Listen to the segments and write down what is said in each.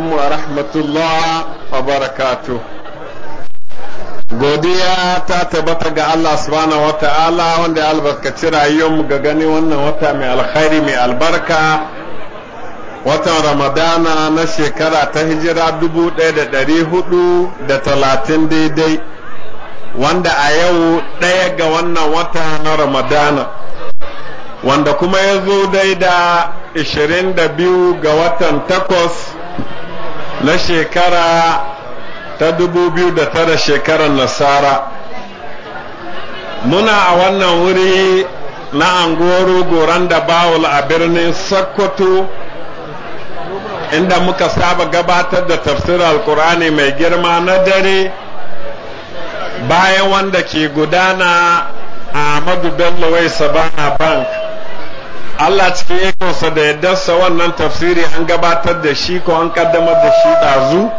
alaikum wa rahmatullah wa barakatu godiya ta tabbata ga Allah subhanahu wa ta'ala wanda ya albarkaci rayuwarmu ga gani wannan wata mai alkhairi mai albarka watan ramadana na shekara ta hijira dubu ɗaya hudu da talatin daidai wanda a yau ɗaya ga wannan wata na ramadana wanda kuma ya zo dai da 22 ga watan takwas na shekara ta da tara shekarar nasara muna a wannan wuri na angoro goron da bawul a birnin sokoto inda muka saba gabatar da tafsirar alkur'ani mai girma na dare bayan wanda ke gudana a Ahmadu Bello Wai Sabana Bank Allah cikin ikonsa da yaddarsa wannan tafsiri an gabatar da shi ko an kaddamar da shi ɗazu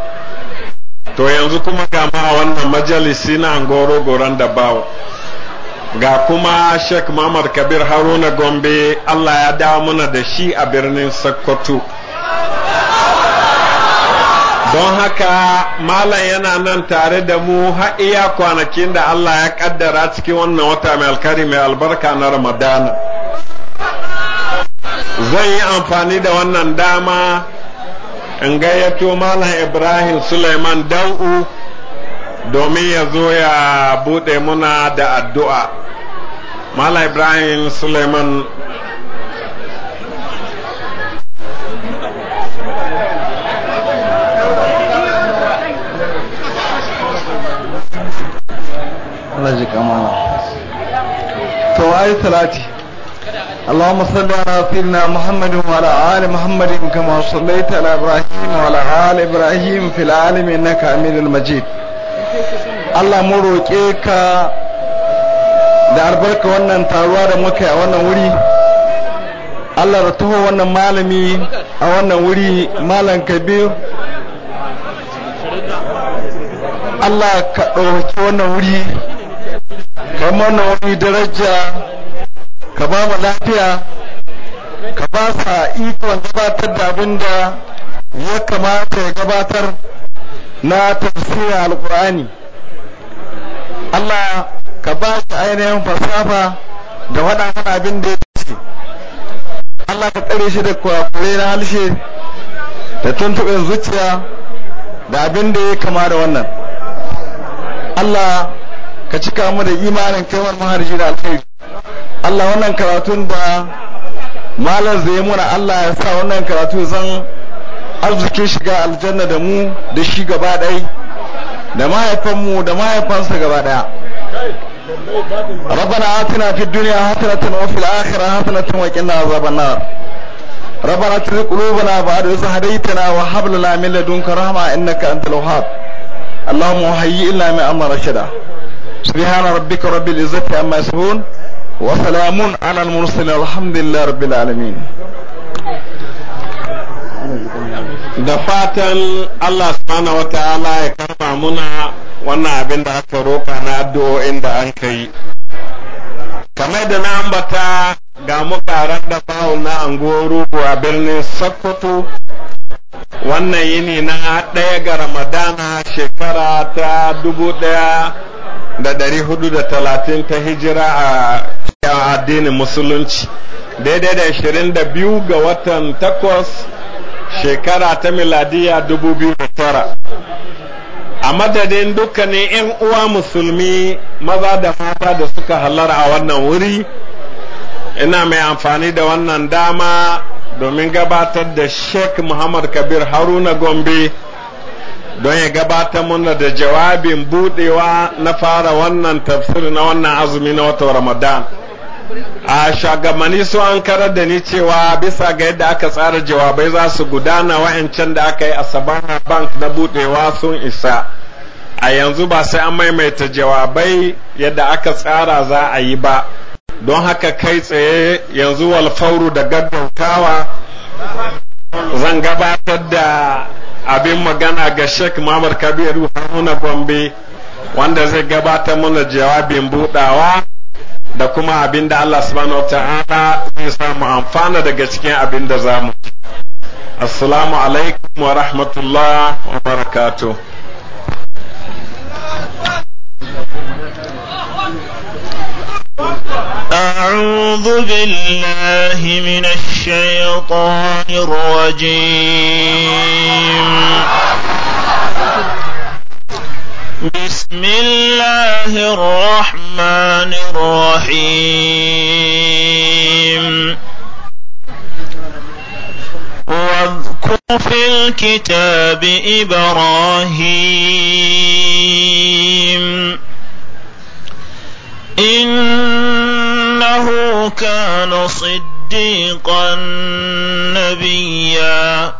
to yanzu kuma ga ma wannan majalisi na angoro goron da bawo ga kuma Sheikh Muhammad Kabir Haruna Gombe Allah ya dawo mana da shi a birnin Sokoto don haka malam yana nan tare da mu har iya kwanakin da Allah ya kaddara cikin wannan wata mai alkari mai albarka na Ramadana zan yi amfani da wannan dama in gayyato malam ibrahim suleiman dau'u domin ya zo ya bude muna da addu'a malam ibrahim suleiman Allah ji kama to ai اللهم صل على سيدنا محمد وعلى ال محمد كما صليت على ابراهيم وعلى ال ابراهيم في العالم انك أمير المجيد الله mu roƙe ka da albarka wannan taruwa da muka a wannan wuri Allah da tuho wannan malami a wannan wuri malam kabir Allah ka ɗauki wannan wuri kamar wannan wuri daraja ka ba mu lafiya ka ba sa ikon gabatar da abin da ya kamata ya gabatar na tafsirin alkur'ani Allah ka ba shi ainihin fasafa da waɗannan abin da ya ce Allah ka tsare shi da kwakwure na halshe da tuntuɓin zuciya da abin da ya kama da wannan Allah ka cika mu da imanin kaiwar maharji da alkhairi Allah wannan karatun da malar zai muna Allah ya sa wannan karatu zan arzikin shiga aljanna da mu da shi gaba ɗai da mahaifanmu da mahaifansa gaba ɗaya ربنا آتنا في الدنيا حسنة وفي الآخرة حسنة وقنا عذاب النار ربنا تزغ قلوبنا بعد إذ هديتنا وهب لنا من لدنك رحمة إنك أنت الوهاب اللهم هيئ لنا من أمر رشدا سبحان ربك رب العزة عما يصفون Wasalamun على المرسلين الحمد لله رب da fatan Allah subhanahu ta'ala ya kafa muna wannan abin da aka roka na addu'o'in da an kai kamar da na ambata ga mukaran da bawul na angoro a birnin Sokoto wannan yini na ɗaya ga Ramadana shekara ta dubu ɗaya da ɗari hudu da talatin ta hijira a a addinin musulunci daidai da biyu ga watan takwas shekara ta miladiya 2009 a madadin dukkanin 'yan uwa musulmi maza da mata da suka halara a wannan wuri ina mai amfani da wannan dama domin gabatar da sheikh muhammad kabir haruna gombe don ya gabatar muna da jawabin budewa na fara wannan tafsir na wannan azumi na wata ramadan a shugabanni su an karar da ni cewa bisa ga yadda aka tsara jawabai za su gudana wa'ancan da aka yi a sabana bank na budewa sun isa a yanzu ba sai an maimaita jawabai yadda aka tsara za a yi ba don haka kai tsaye yanzu walfauru da gaggautawa zan gabatar da abin magana ga sheik mamar kabiru haruna gombe wanda zai gabatar mana jawabin budawa da kuma abin da Allah subhanahu wa ta'ala zai samu amfana daga cikin abin da za mu assalamu alaikum wa rahmatullah wa barakatuh أعوذ بالله من الشيطان الرجيم بسم الله الرحمن الرحيم واذكر في الكتاب إبراهيم إنه كان صديقا نبيا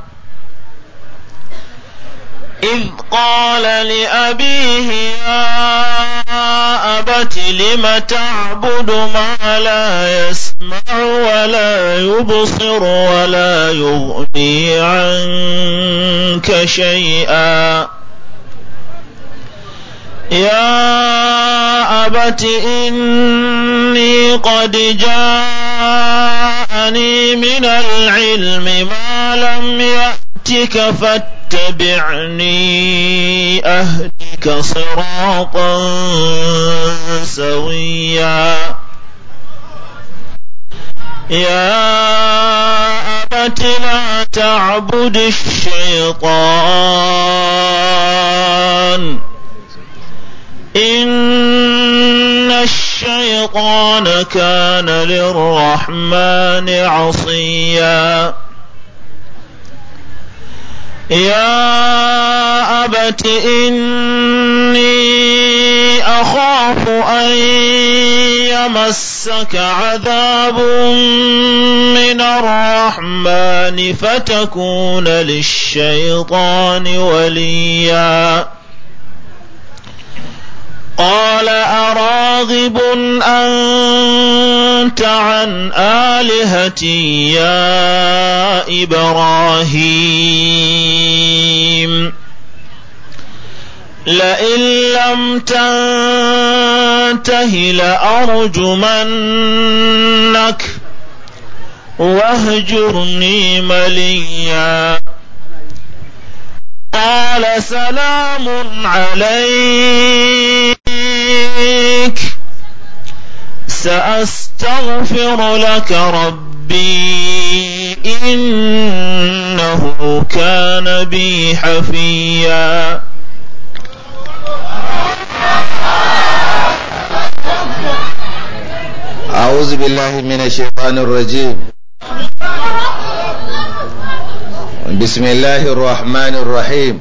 إذ قال لأبيه يا أبت لم تعبد ما لا يسمع ولا يبصر ولا يغني عنك شيئا يا أبت إني قد جاءني من العلم ما لم يأتك فاتبعني اتبعني أهدك صراطا سويا يا أبت لا تعبد الشيطان إن الشيطان كان للرحمن عصيا يا أبت إني أخاف أن يمسك عذاب من الرحمن فتكون للشيطان وليا قال أراغب أنت عن آلهتي يا إبراهيم لئن لم تنته لأرجمنك واهجرني مليا قال سلام عليك عليك سأستغفر لك ربي إنه كان بي حفيا أعوذ بالله من الشيطان الرجيم بسم الله الرحمن الرحيم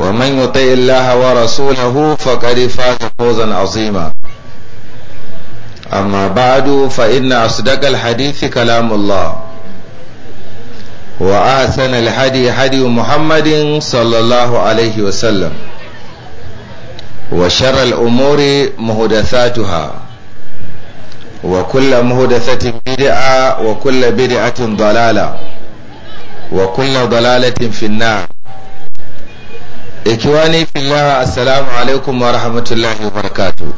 ومن يطع الله ورسوله فقد فاز فوزا عظيما أما بعد فإن أصدق الحديث كلام الله وأحسن الهدي حدي محمد صلى الله عليه وسلم وشر الأمور محدثاتها وكل محدثه بدعة وكل بدعة ضلالة وكل ضلالة في النار ikiwani fillah assalamu alaikum wa rahmatullahi wa barakatu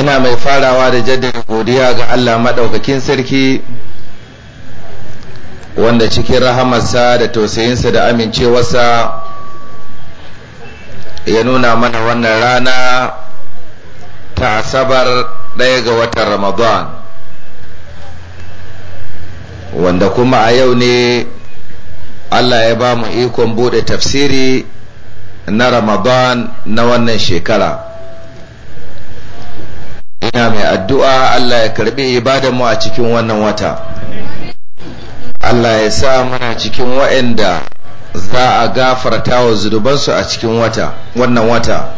ina mai farawa da jaddada godiya ga Allah maɗaukakin sarki wanda cikin rahamarsa da tausayinsa da amincewarsa ya nuna mana wannan rana ta asabar ɗaya ga watan ramadan wanda kuma a yau ne Allah ya ba mu ikon bude tafsiri na Ramadan na wannan shekara ina mai addu'a Allah ya karbi mu a cikin wannan wata Allah ya sa muna cikin waɗanda za a gafarta wa zunubansu a cikin wata wannan wata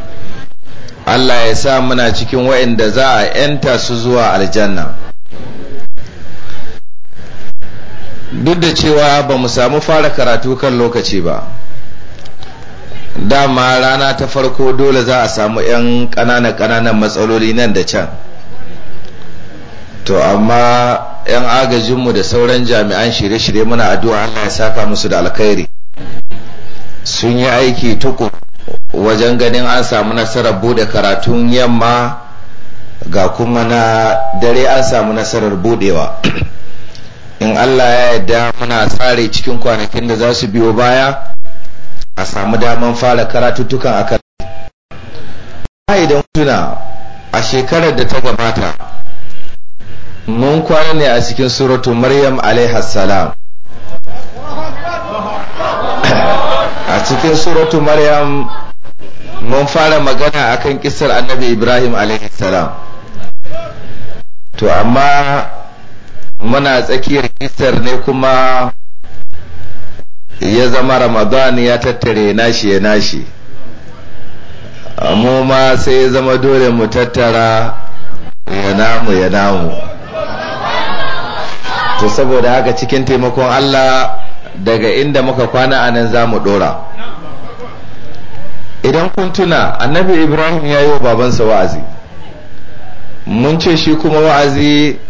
Allah ya sa muna cikin waɗanda za a ‘yanta su zuwa aljanna duk da cewa ba mu samu fara karatu kan lokaci ba dama rana ta farko dole za a samu 'yan ƙananan-ƙananan matsaloli nan da can to amma 'yan agajinmu da sauran jami'an shirye-shirye muna addu'a Allah ya saka musu da alkhairi sun yi aiki tuku wajen ganin an samu nasarar bude karatun yamma ga kuma na dare an samu nasarar budewa in Allah ya yadda muna tsare cikin kwanakin da za su biyo baya a samu daman fara karatuttukan a kan idan tuna a shekarar da ta gabata mun kwana ne a cikin suratu maryam salam a cikin suratu maryam mun fara magana akan kisar annabi ibrahim salam to amma muna tsakiyar isar ne kuma ya zama ramadan ya tattare nashi ya nashi mu ma sai ya zama dole mu tattara ya namu ya namu to saboda haka cikin taimakon allah daga inda muka kwana a nan za mu dora idan kun tuna annabi ibrahim ya yi wa babansa wa'azi mun ce shi kuma wa'azi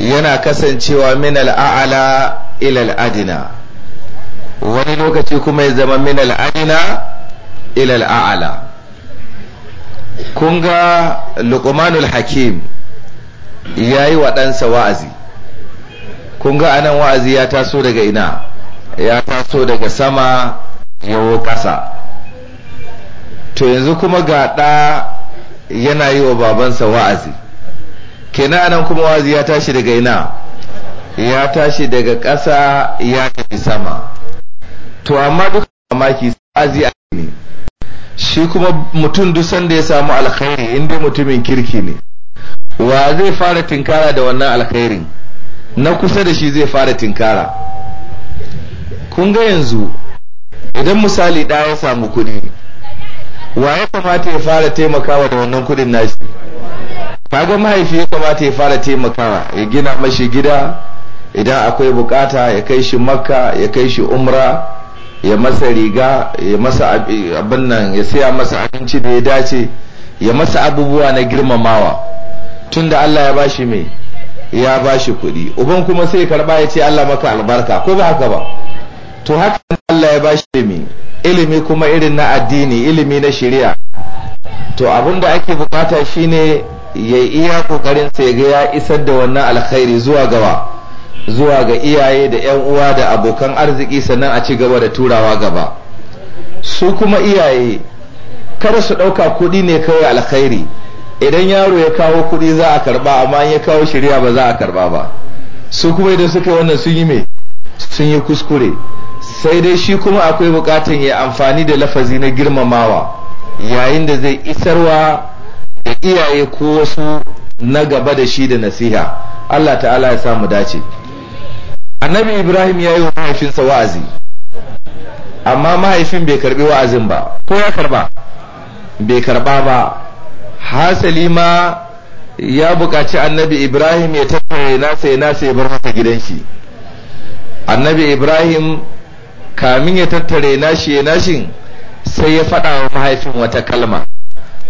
yana kasancewa min al'a'ala ilal adina wani lokaci kuma ya zama min al'adina ilal a'ala kun ga luqmanul hakim ya yi wa wa'azi kun ga anan wa'azi ya taso daga ina ya taso daga sama yawo ƙasa to yanzu kuma ga ɗa yana yi wa babansa wa'azi kenan anan kuma wazi ya tashi daga ina ya tashi daga ƙasa ya tafi sama to amma duk mamaki wazi a ne shi kuma mutum duk sanda ya samu alkhairi inda mutumin kirki ne wa zai fara tinkara da wannan alkhairin na kusa da shi zai fara tinkara kun ga yanzu idan misali ɗaya ya samu kuɗi wa ya kamata ya fara taimakawa da wannan kuɗin nashi fagon mahaifi ya kamata ya fara taimakawa ya gina mashi gida idan akwai bukata ya kai shi makka ya kai shi umra ya masa riga ya masa abin nan ya siya masa abinci da ya dace ya masa abubuwa na girmamawa Tun da Allah ya bashi mai ya bashi kuɗi uban kuma sai karba ya ce Allah maka albarka ko ba haka ba to haka Allah ya bashi mai ilimi kuma irin na addini ilimi na shari'a to abin da ake bukata shine ya iya kokarin sai ga ya isar da wannan alkhairi zuwa gaba zuwa ga iyaye da yan uwa da abokan arziki sannan a ci gaba da turawa gaba su kuma iyaye kada su ɗauka kuɗi ne kawai alkhairi idan yaro ya kawo kuɗi za a karba amma ya kawo shirya ba za a karba ba su kuma idan suka wannan sun yi me sun yi kuskure sai dai shi kuma akwai bukatan ya amfani da lafazi na girmamawa yayin da zai isarwa da iyaye ko wasu na gaba da shi da nasiha Allah ta'ala ya samu dace annabi ibrahim ya yi wa mahaifinsa wa'azi amma mahaifin bai karbi wa'azin ba ko ya karba bai karba ba hasali ma ya buƙaci annabi ibrahim ya tattare nasa ya nasa ya bar masa gidan shi annabi ibrahim kamin ya tattare nashi ya nashin sai ya faɗa wa mahaifin wata kalma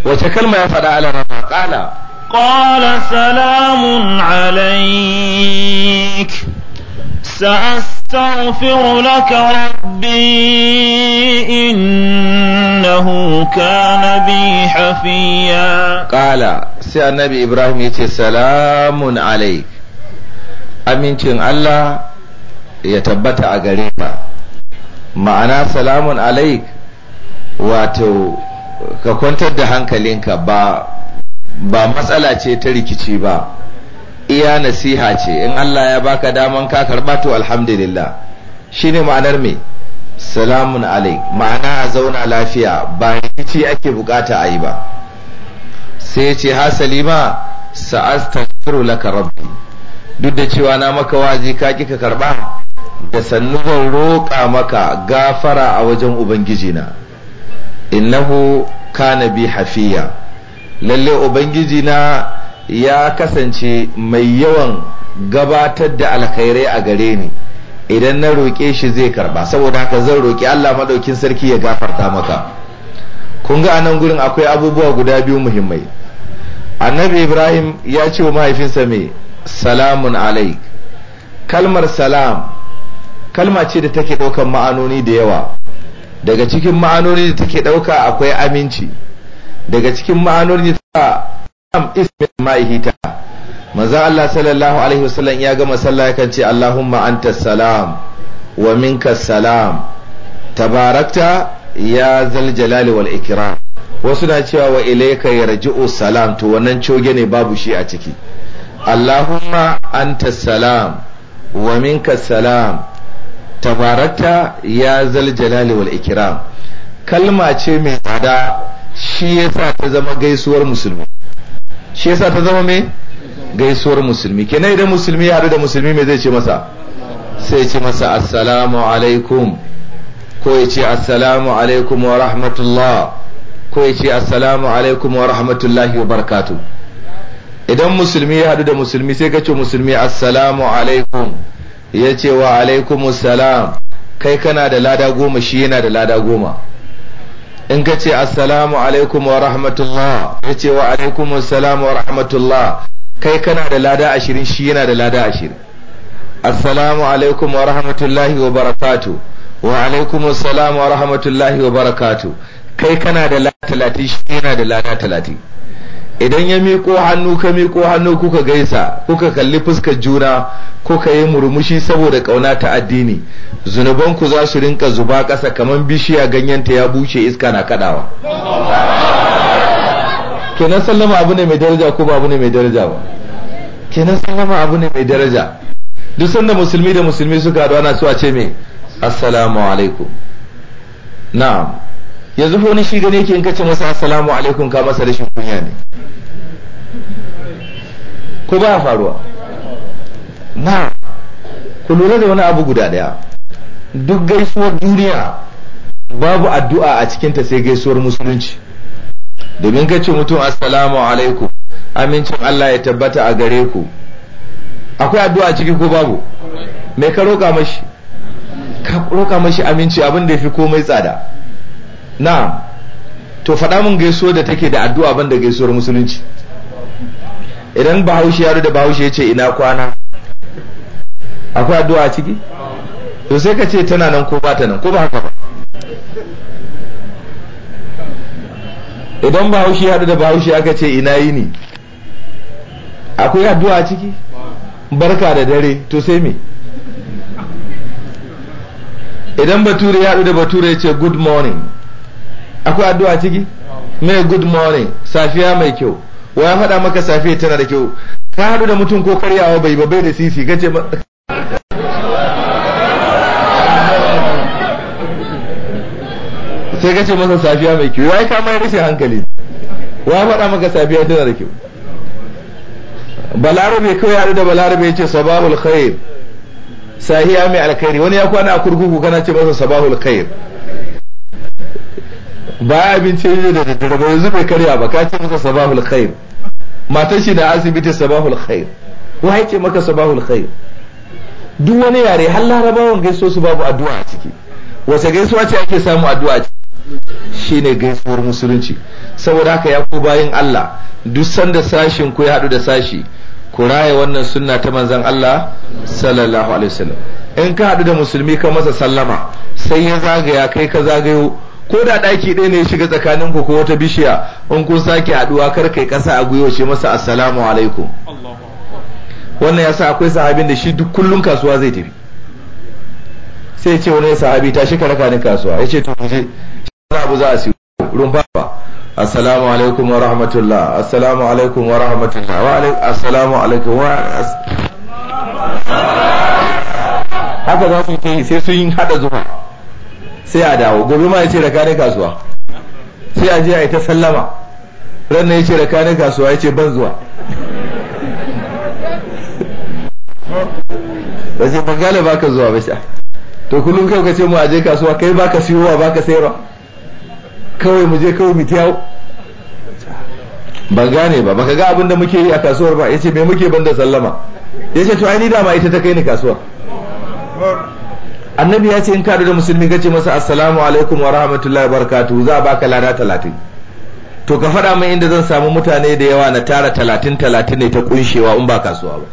وتكلم يا فدا على رضا قال قال سلام عليك سأستغفر لك ربي إنه كان بي حفيا قال سي النبي إبراهيم يتي سلام عليك أمينتين الله يتبت أغريبا معنا سلام عليك واتو ka kwantar da hankalinka ba ba matsala ce ta rikici ba iya nasiha ce in Allah ya baka daman ka karba to alhamdulillah shine ma'anar me salamun alaik ma'ana a zauna lafiya ba rikici ake bukata a yi ba sai ce hasali ma sa'astaghfiru laka rabbi duk da cewa na maka wazi ka kika karba da sannu roƙa maka gafara a wajen ubangijina innahu kana bi hafiya lalle ubangiji na ya kasance mai yawan gabatar da alkhairai a gare ni idan na roƙe shi zai karba saboda haka zan roƙi Allah maɗaukin sarki ya gafarta maka kun ga anan gurin akwai abubuwa guda biyu muhimmai annabi ibrahim ya ce wa mahaifinsa mai salamun alaik kalmar salam kalma ce da take ɗaukar ma'anoni da yawa daga cikin ma'anoni da take ɗauka akwai aminci daga cikin ma'anoni ta am ismin ma'ihita manzo Allah sallallahu alaihi wasallam ya gama sallah ya kance Allahumma anta salam wa minka salam tabarakta ya zal jalali wal ikram wasu na cewa wa ilayka yarji'u salam to wannan coge ne babu shi a ciki Allahumma anta salam wa minka salam Tabaraka ya zal jalali wal ikram kalma ce mai tsada shi yasa ta zama gaisuwar musulmi shi yasa ta zama mai gaisuwar musulmi kenan idan musulmi ya hadu da musulmi me zai ce masa sai ce masa assalamu alaikum ko ya ce assalamu alaikum wa rahmatullah ko ya ce assalamu alaikum wa rahmatullahi wa barakatuh idan musulmi ya hadu da musulmi sai ka ce musulmi assalamu alaikum ya ce wa alaikumussalam kai kana da lada goma shi yana da lada goma in ka ce assalamu alaikum wa rahmatullah ya ce wa alaikumussalam wa rahmatullah kai kana da lada ashirin shi yana da lada ashirin assalamu alaikum wa rahmatullahi wa barakatu wa alaikumussalam wa rahmatullahi wa barakatu kai kana da lada talatin shi yana da lada talatin idan ya miko hannu ka miko hannu kuka gaisa kuka kalli fuskar juna kuka yi murmushi saboda kauna ta addini zunubanku za su rinka zuba ƙasa kamar bishiya ganyenta ya bushe iska na kadawa kenan sallama abu ne mai daraja ko ba abu ne mai daraja ba kenan sallama abu ne mai daraja duk sanda musulmi da musulmi suka haɗu ana so a ce me assalamu alaikum na'am yanzu wani shi gane yake in kace masa assalamu alaikum ka masa rashin kunya ne ko ba faruwa na ku lura da wani abu guda daya duk gaisuwar duniya babu addu'a a cikinta sai gaisuwar musulunci domin ce mutum assalamu alaikum amincin Allah ya tabbata a gare ku akwai addu'a a ciki ko babu me ka roka mashi ka roka mashi aminci abin da ya fi komai tsada na to faɗa mun gaisuwar da take da addu'a banda gaisuwar musulunci idan bahaushe yaro da bahaushe ya ce ina kwana akwai addu'a a ciki to sai ka ce tana nan ko ba ta nan ko ba haka ba idan bahaushe yaro da bahaushe aka ce ina yi ne akwai addu'a a ciki barka da dare to sai me idan bature ya da bature ya ce good morning akwai addu'a ciki mai good morning safiya mai kyau wa ya faɗa maka safiya tana da kyau ka haɗu da mutum ko karyawa bai babai da sisi ka ce sai ka masa safiya mai kyau wai ka mai rishin hankali wa ya faɗa maka safiya tana da kyau balarabe kawai haɗu da balarabe ya ce sabahul khair sahiya mai alkhairi wani ya kwana a kurkuku kana ce masa sabahul khair ba abinci ne da daddare ba yanzu bai karya ba ka ce masa sabahul khair matar shi na asibiti sabahul khair wa ce maka sabahul khair duk wani yare har larabawan gaiso su babu addu'a a ciki wace gaisuwa ce ake samu addu'a a ciki shine gaisuwar musulunci saboda haka ya ku bayin Allah duk sanda sashin ku ya hadu da sashi ku raya wannan sunna ta manzon Allah sallallahu alaihi wasallam in ka haɗu da musulmi ka masa sallama sai ya zagaya kai ka zagayo ko da ɗaki ɗaya ne ya shiga tsakanin ku ko wata bishiya in kun sake haɗuwa kar kai ƙasa a gwiwa ce masa assalamu alaikum wannan yasa akwai sahabin da shi duk kullun kasuwa zai tafi sai ce wani sahabi ta shi ka raka ni kasuwa ya ce to je wani abu za a siyo rumfa ba assalamu alaikum wa rahmatullah assalamu alaikum wa rahmatullah wa alaikum assalamu alaikum wa haka za su yi sai su yi hada zuwa sai a dawo gobe ma ya ce da kane kasuwa sai a je a yi ta sallama ranar ya ce da kane kasuwa ya ce ban zuwa da ce ban gane ka zuwa ba to kullum kai ka ce mu a je kasuwa kai ba ka siyowa ka sayarwa kawai mu je kawai mu yau ban gane ba baka ga abin da muke yi a kasuwar ba yace me muke banda sallama yace to ai ni dama ita ta kai ni kasuwa annabi ya ce in ka da musulmi ka ce masa assalamu alaikum wa rahmatullahi wa barakatuhu za a baka lada talatin to ka faɗa min inda zan samu mutane da yawa na tara talatin talatin ne ta kunshewa in ba kasuwa ba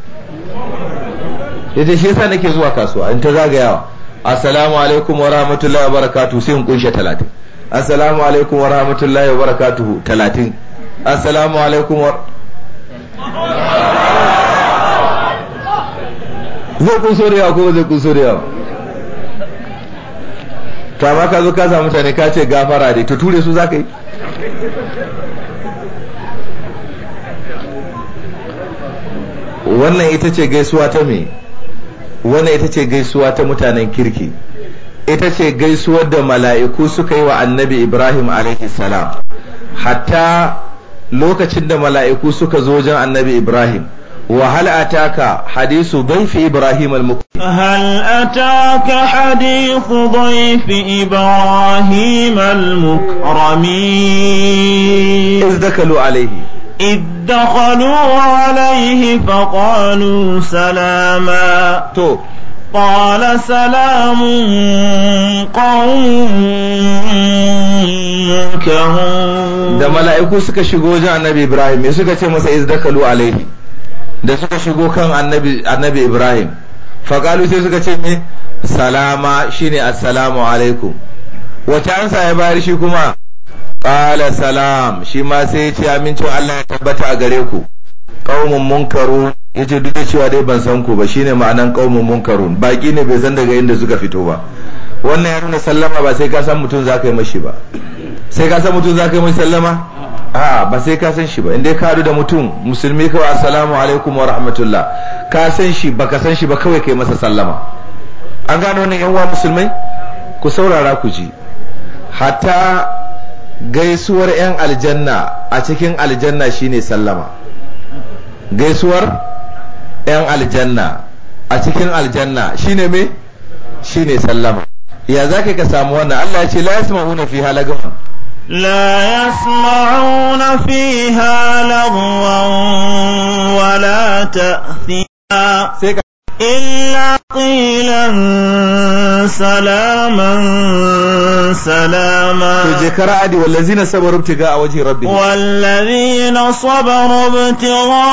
yace shi yasa nake zuwa kasuwa in ta zagayawa assalamu alaikum wa rahmatullahi wa barakatuhu sai in kunshe talatin assalamu alaikum wa rahmatullahi wa barakatuhu talatin assalamu alaikum wa zai kun soriya ko zai kun da to amma ka zo ka samu mutane ka ce gafara dai to ture su za ka yi wannan ita ce gaisuwa ta me wannan ita ce gaisuwa ta mutanen kirki ita ce gaisuwar da mala'iku suka yi wa annabi ibrahim alaihi salam hatta lokacin da mala'iku suka zo wajen annabi ibrahim وهل أتاك حديث ضيف إبراهيم المكرم هل أتاك حديث ضيف إبراهيم المكرمين إذ دخلوا عليه إذ دخلوا عليه فقالوا سلاما تو قال سلام قوم منكرون da mala'iku suka shigo wajen annabi Ibrahim suka ce masa iz dakalu alaihi da suka shigo kan annabi ibrahim Fakalu sai suka ce ne salama shine assalamu alaikum wace ansa ya bayar shi kuma ƙala salam shi ma sai ya ce amincin allah ya tabbata a gare ku ƙaumin munkaru ya ce duk da cewa dai ban san ku ba shine ma'anan ƙaumin Munkaru. baƙi ne bai san daga inda suka fito ba wannan ya nuna sallama ba sai ka san mutum za ka yi mashi ba sai ka san mutum za ka yi mashi sallama a'a ba sai ka san shi ba inda ka da mutum musulmi kawai assalamu alaikum wa rahmatullah ka san shi ba ka san shi ba kawai kai masa sallama an gano wannan yan uwa musulmai ku saurara ku ji hatta gaisuwar yan aljanna a cikin aljanna shine sallama gaisuwar yan aljanna a cikin aljanna shine me shine sallama ya zaka ka samu wannan Allah ya ce la yasma'una fi halagun لا يسمعون فيها لغوا ولا تأثيما إلا قيلا سلاما سلاما والذين صبروا ابتغاء وجه ربهم والذين صبروا ابتغاء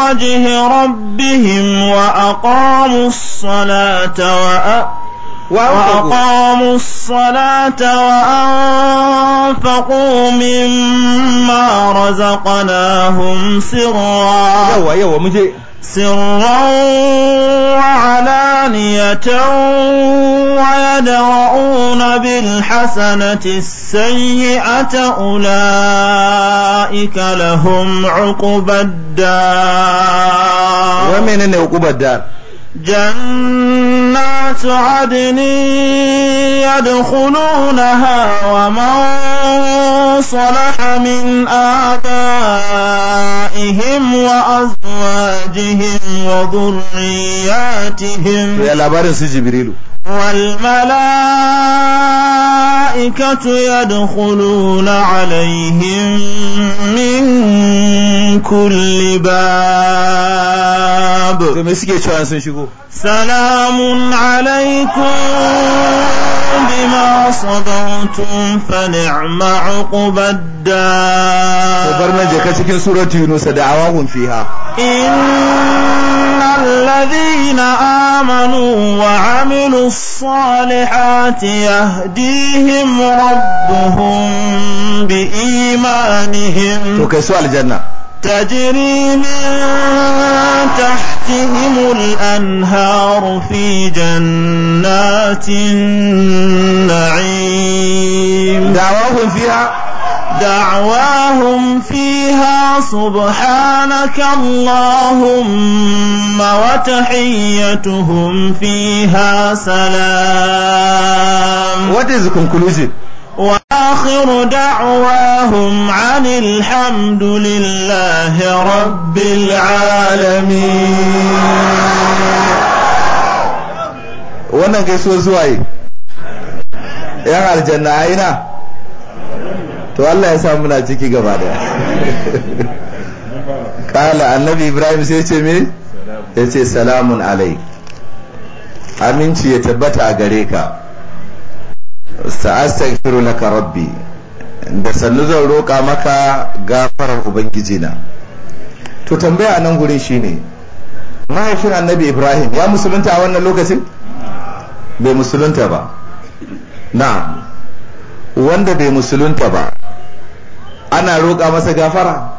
وجه ربهم وأقاموا الصلاة وأ وأقاموا الصلاة وأنفقوا مما رزقناهم سرا يوا يوا مجي سرا وعلانية ويدرؤون بالحسنة السيئة أولئك لهم عقبى الدار ومن عقبى الدار جنات عدن يدخلونها ومن صلح من آبائهم وأزواجهم وذرياتهم يا لابارس جبريل والملائكة يدخلون عليهم من كل باب سلام عليكم بما صبرتم فنعم عقب الدار وبرنا جكا cikin surati yunus da الذين آمنوا وعملوا الصالحات يهديهم ربهم بإيمانهم. Okay, سؤال جنة تجري من تحتهم الأنهار في جنات النعيم دعواهم فيها دعواهم فيها سبحانك اللهم وتحيتهم فيها سلام What is the conclusion? وآخر دعواهم عن الحمد لله رب العالمين wannan gaisuwar zuwa yi yan aljanna a ina to Allah ya sa muna ciki gaba kala annabi ibrahim sai ce me ya salamun alai aminci ya tabbata a gare ka sa'astaghfiru laka rabbi da sannu zan roƙa maka gafarar na to tambaya nan gurin shine mahaifin annabi ibrahim ya musulunta a wannan lokacin bai musulunta ba na wanda bai musulunta ba ana roƙa masa gafara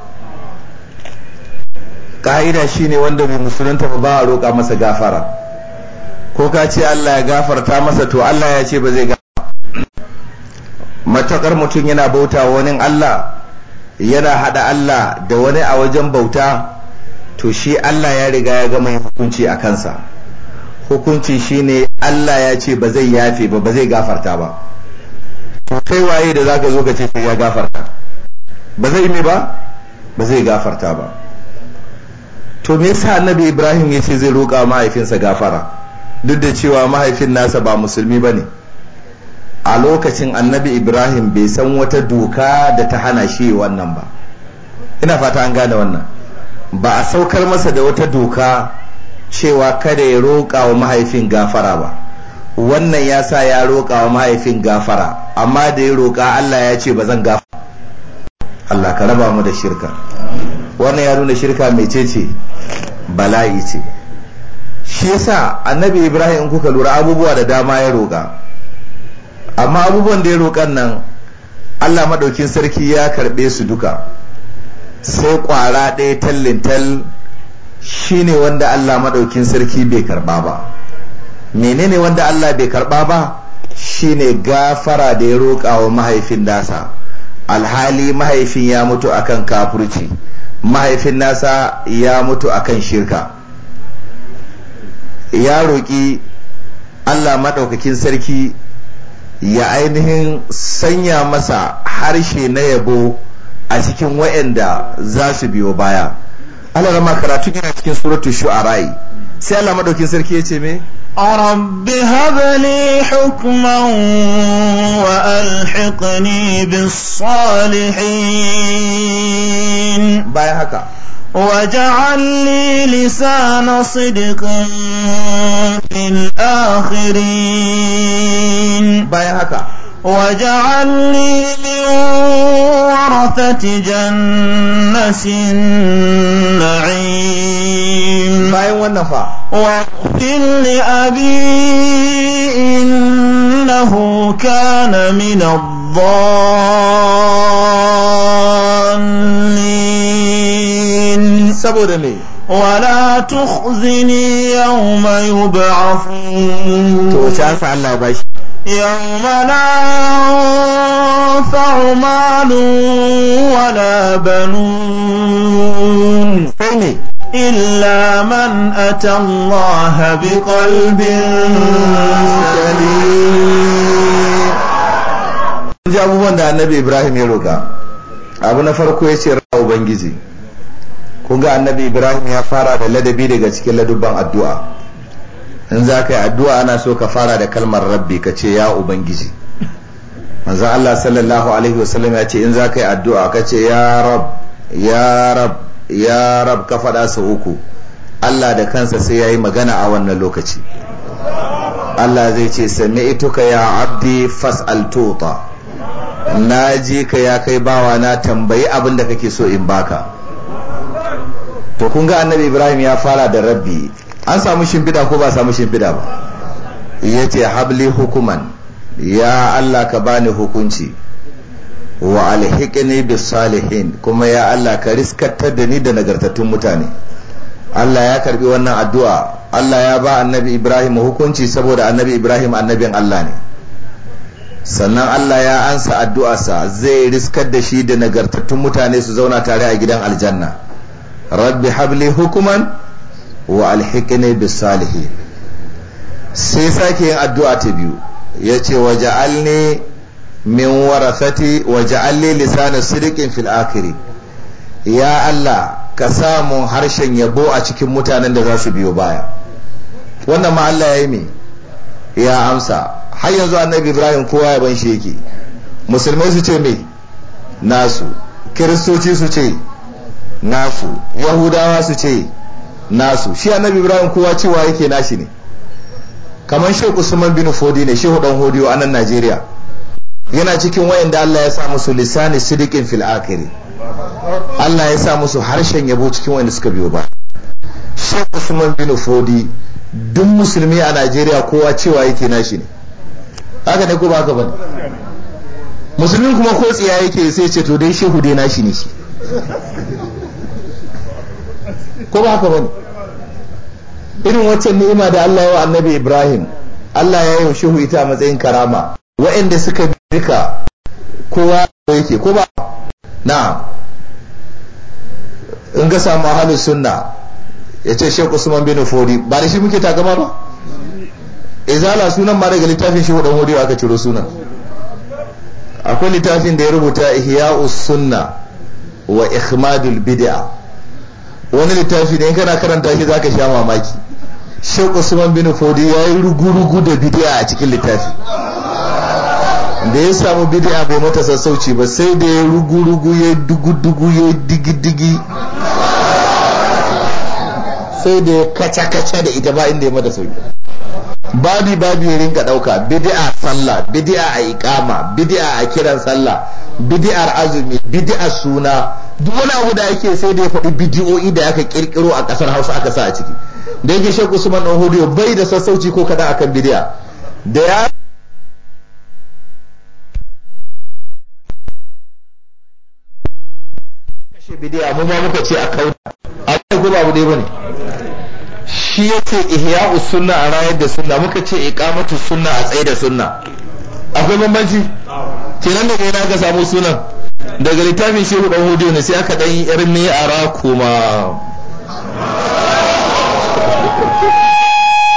ka'ida shine wanda bai musulunta ba ba a roƙa masa gafara ko ka ce allah ya gafarta masa to allah ya ce ba zai matakar mutum yana bauta wani Allah yana hada Allah da wani a wajen bauta to shi Allah ya riga ya gama hukunci a kansa hukunci shi ne Allah ya ce ba zai yafe ba ba zai gafarta ba to kai waye da zaka zo ka ce ya gafarta ba zai mai ba ba zai gafarta ba to me yasa annabi Ibrahim ya ce zai roƙa mahaifinsa gafara duk da cewa mahaifin nasa ba musulmi bane ne a lokacin annabi ibrahim bai san wata doka da ta hana shi wannan ba ina fata an gane wannan ba a saukar masa da wata doka cewa kada ya roƙa wa mahaifin gafara ba wannan ya sa ya roƙa wa mahaifin gafara amma da ya roƙa allah ya ce ba zan gafara allah ka raba mu da shirka wannan ya nuna shirka mecece bala'i ce shi yasa annabi ibrahim kuka lura abubuwa da dama ya roƙa amma abubuwan da ya roƙan nan Allah maɗaukin sarki ya karɓe su duka sai ƙwara ɗaya tallintal shi ne wanda Allah maɗaukin sarki bai karɓa ba menene wanda Allah bai karɓa ba shi ne gafara da ya roƙa wa mahaifin nasa alhali mahaifin ya mutu akan kafurci mahaifin nasa ya mutu akan shirka ya roƙi Allah maɗaukakin sarki ya ainihin sanya masa harshe na yabo a cikin wa'anda za su biyo baya Allah rama karatu yana cikin suratu shu'ara'i sai Allah madaukin sarki ya ce me رب هب wa حكما وألحقني بالصالحين Bayan haka. واجعل لي لسان صدق في الآخرين بيهك واجعل لي من ورثة جنة النعيم باين والنفع واغفر لأبي إنه كان من الضالين saboda me wala tukhzini yawma yub'athun to wace sa Allah ba shi yawma la wala banun sai ne illa man أتى الله بقلب سليم ji abubuwan da annabi ibrahim ya roga abu na farko ya ce ra'a ubangiji kun ga annabi ibrahim ya fara da ladabi daga cikin ladubban addu'a in za ka yi addu'a ana so ka fara da kalmar rabbi ka ce ya ubangiji manzan allah sallallahu alaihi wasallam ya ce in za ka yi addu'a ka ce ya rab ya rab ya rab ka faɗa sau uku allah da kansa sai ya yi magana a wannan lokaci allah zai ce sami ituka ya abdi fas'al tuta na ji ka ya kai bawa na tambayi abin da kake so in baka to kun ga annabi ibrahim ya fara da rabbi an samu shimfida ko ba samu shimfida ba ya ce habli hukuman ya allah ka bani hukunci wa alhikini bi salihin kuma ya allah ka riskatar da ni da nagartattun mutane allah ya karbi wannan addu'a allah ya ba annabi ibrahim hukunci saboda annabi ibrahim annabin allah ne sannan allah ya ansa addu'arsa zai riskar da shi da nagartattun mutane su zauna tare a gidan aljanna rabbi habli hukuman wa alhikini bis salihi sai sake yin addu'a ta biyu yace waja'alni min warasati waja'alni lisana sidqin fil akhirin ya Allah ka mun harshen yabo a cikin mutanen da za su biyo baya wannan ma Allah ya yi ya amsa har yanzu annabi Ibrahim kowa ya ban shi yake musulmai su ce me nasu kiristoci su ce nasu yahudawa su ce nasu shi annabi ibrahim kowa cewa yake nashi ne kamar shehu usman bin fodi ne shehu dan hodiyo a nan najeriya yana cikin wayanda allah ya sa musu lisani sidikin fil akiri allah ya sa musu harshen yabo cikin wayanda suka biyo ba shehu usman bin fodi duk musulmi a najeriya kowa cewa yake nashi ne haka ne ko ba haka bane musulmin kuma ko tsiya yake sai ce to dai shehu dai nashi ne shi ko ba haka bane irin waccan ni'ima da Allah ya wa annabi Ibrahim Allah ya yi shuhu ita a matsayin karama waɗanda suka bika kowa kowa yake ko ba na in ga samu ahalus sunna ya ce Sheikh Usman bin Fodi ba da shi muke takama ba izala sunan ma daga littafin shi dan Fodi aka ciro sunan akwai littafin da ya rubuta Ihya'us Sunna wa Ikhmadul Bid'ah wani littafi ne kana karanta shi zaka sha mamaki Sheikh Usman bin Fodi ya yi rugu-rugu da bidiya a cikin littafi da ya samu bidiya bai mata sassauci ba sai da ya rugu-rugu ya dugu-dugu ya digi-digi sai da ya kaca-kaca da ita ba inda ya mata sauki babi babi ya rinka ɗauka bid'a sallah bid'a a ikama. bid'a a kiran sallah bid'ar azumi bid'a suna duk wani abu da ake sai da ya faɗi bidiyo'i da aka kirkiro a ƙasar Hausa aka sa a ciki da yake Sheikh Usman Dan bai da sassauci ko kada akan bid'a da ya kashe bidiya mu ma muka ce a kauda a kai ko ba dai bane shi ce ihya sunna a rayar da sunna muka ce iqamatu sunna a tsaye da sunna akwai bambanci nan da gona ga samu sunan daga littafin shehu dan hudu ne sai aka dan irin ne a ra kuma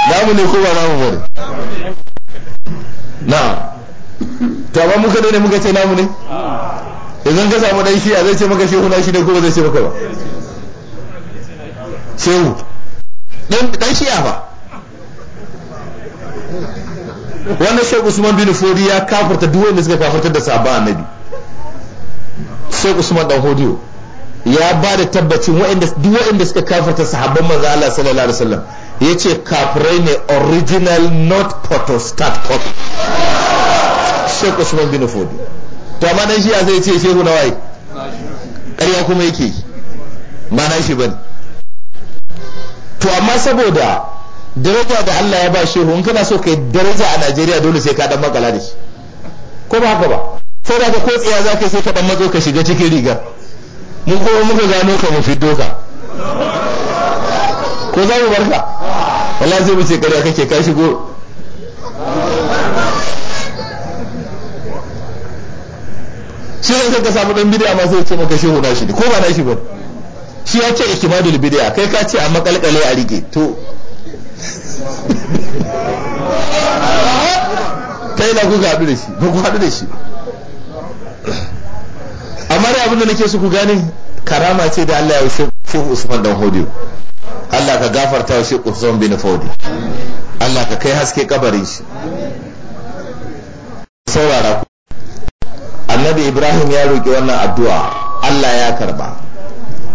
namu ne ko ba namu bane na to ba muka dai muka ce namu ne idan ka samu dan shi a zai ce maka shehu na shi ne ko ba zai ce maka ba shehu dan shi'a fa wannan shek usman bin fodi ya kafarta duk wanda suka kafartar da sabon annabi shek usman dan hodiyo ya ba da tabbacin duk wa'anda suka kafarta sahabban manzo Allah sallallahu alaihi wasallam yace kafirai ne original not protestant copy shek usman bin fodi to amma dan shi zai ce shehu na waye ƙarya kuma yake mana shi bane to amma saboda daraja da Allah ya ba shehu in kana so kai daraja a Najeriya dole sai ka dan makala da shi ko ba haka ba sai da ko tsiya zaka sai ka dan matso ka shiga cikin rigar mun kuma muka gano ka mu fito ka ko za mu barka wallahi sai mu ce kare kake ka shigo shi ne ka samu dan bid'a ma sai ce maka shehu na shi ko ba na shi ba shi ya ce ikimadul bid'a kai ka ce a makalkale a rige to kai na kuka haɗu da shi ba ku haɗu da shi amma da abinda nake su ku gane karama ce da Allah ya yi shi Usman dan Hodiyo Allah ka gafarta wa shehu Usman bin Fodi Allah ka kai haske kabarin shi saurara ku annabi Ibrahim ya roƙi wannan addu'a Allah ya karba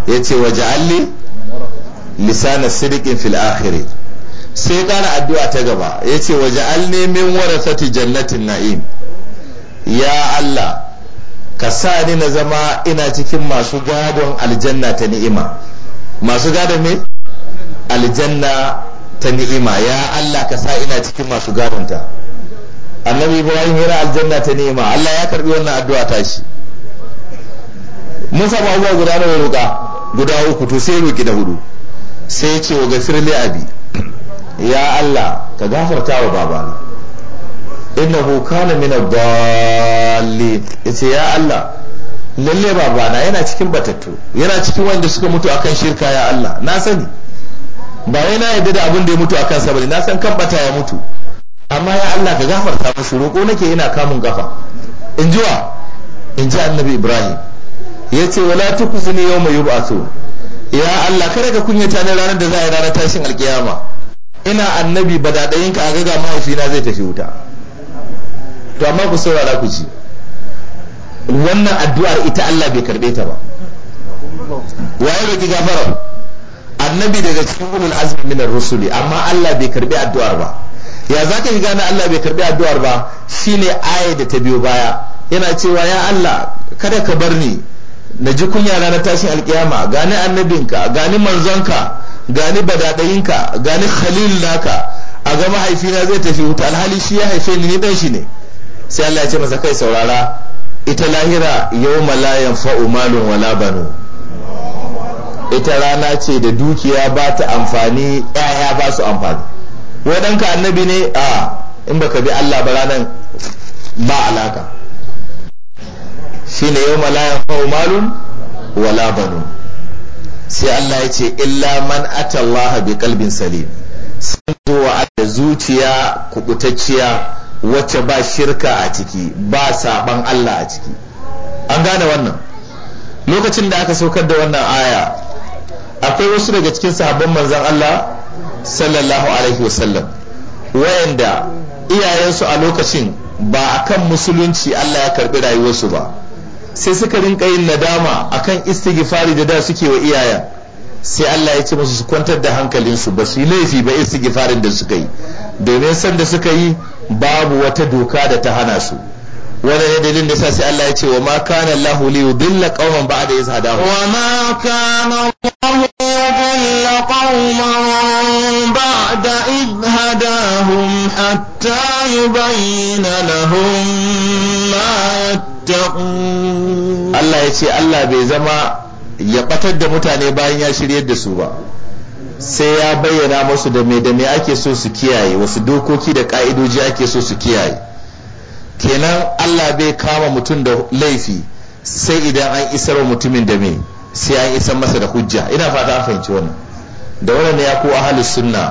ya ce wa ja'alli lisana sirikin fil akhiri sai kara addu'a ta gaba ya ce wa ja'alni min warasati jannatin na'im ya Allah ka sa ni na zama ina cikin masu gadon aljanna ta ni'ima masu gadon me aljanna ta ni'ima ya Allah ka sa ina cikin masu gadon ta annabi ibrahim yana aljanna ta ni'ima Allah ya karbi wannan addu'a ta shi mun saba abubuwa guda nawa roƙa guda uku to sai roki da hudu sai ce wa gasir la'abi. abi ya Allah ka gafarta wa babana innahu kana min ad Ya yace ya Allah lalle babana yana cikin batattu yana cikin wanda suka mutu akan shirka ya Allah na sani ba wai na yadda da abin da ya mutu akan sa bane na san kan bata ya mutu amma ya Allah ka gafarta musu roko nake ina kamun gafa in ji wa in ji annabi Ibrahim ya ce wala tukuzuni yau mai yub'atu ya Allah kada ka kunyata ne ranar da za a yi ranar tashin alkiyama ina annabi ba da ɗayinka a gaga mahaifina zai tafi wuta to amma ku saurara ku ji wannan addu'ar ita Allah bai karɓe ta ba waye roki gafara annabi daga cikin ulul azmi minar rusuli amma Allah bai karɓi addu'ar ba ya za ka yi gane Allah bai karɓi addu'ar ba shine aya da ta biyo baya yana cewa ya Allah kada ka bar ni na ji kunya ranar tashin alkiyama gani annabinka gani manzonka gani badadayinka gani khalil naka a ga mahaifina zai tafi wuta alhali shi ya haife ni ne dan shi ne sai Allah ya ce masa kai saurara ita lahira yawma la yanfa'u malun wala banu ita rana ce da dukiya ba ta amfani ƴaƴa ba su amfani wadanka annabi ne a in baka bi Allah ba ranan ba alaka shine yawma la yanfa'u malun wala banun sai Allah ya ce illa man Allah bi kalbin salim sun zuwa da zuciya kubutacciya wacce ba shirka a ciki ba saban Allah a ciki an gane wannan lokacin da aka saukar da wannan aya akwai wasu daga cikin sahabban manzan Allah sallallahu alaihi wasallam wayanda iyayensu a lokacin ba kan musulunci Allah ya karbi rayuwarsu ba sai suka rinka yin nadama akan istighfari da da suke wa iyayen sai Allah ya ce musu su kwantar da hankalinsu ba su yi laifi ba istighfarin da suka yi domin san da suka yi babu wata doka da ta hana su Wani ne dalilin da sai Allah ya ce wa ma kana Allah li yudilla qauman ba'da iz hadahu wa ma kana Allah yudilla qauman ba'da iz hadahum hatta yubayyana lahum ma yattaqun Allah ya ce Allah bai zama ya batar da mutane bayan ya shiryar da su ba sai ya bayyana musu da me da me ake so su kiyaye wasu dokoki da ka'idoji ake so su kiyaye kenan Allah bai kama mutum da laifi sai idan an isar wa mutumin da me sai an isar masa da hujja ina fata an fahimci wannan da wannan ya ku ahalus sunna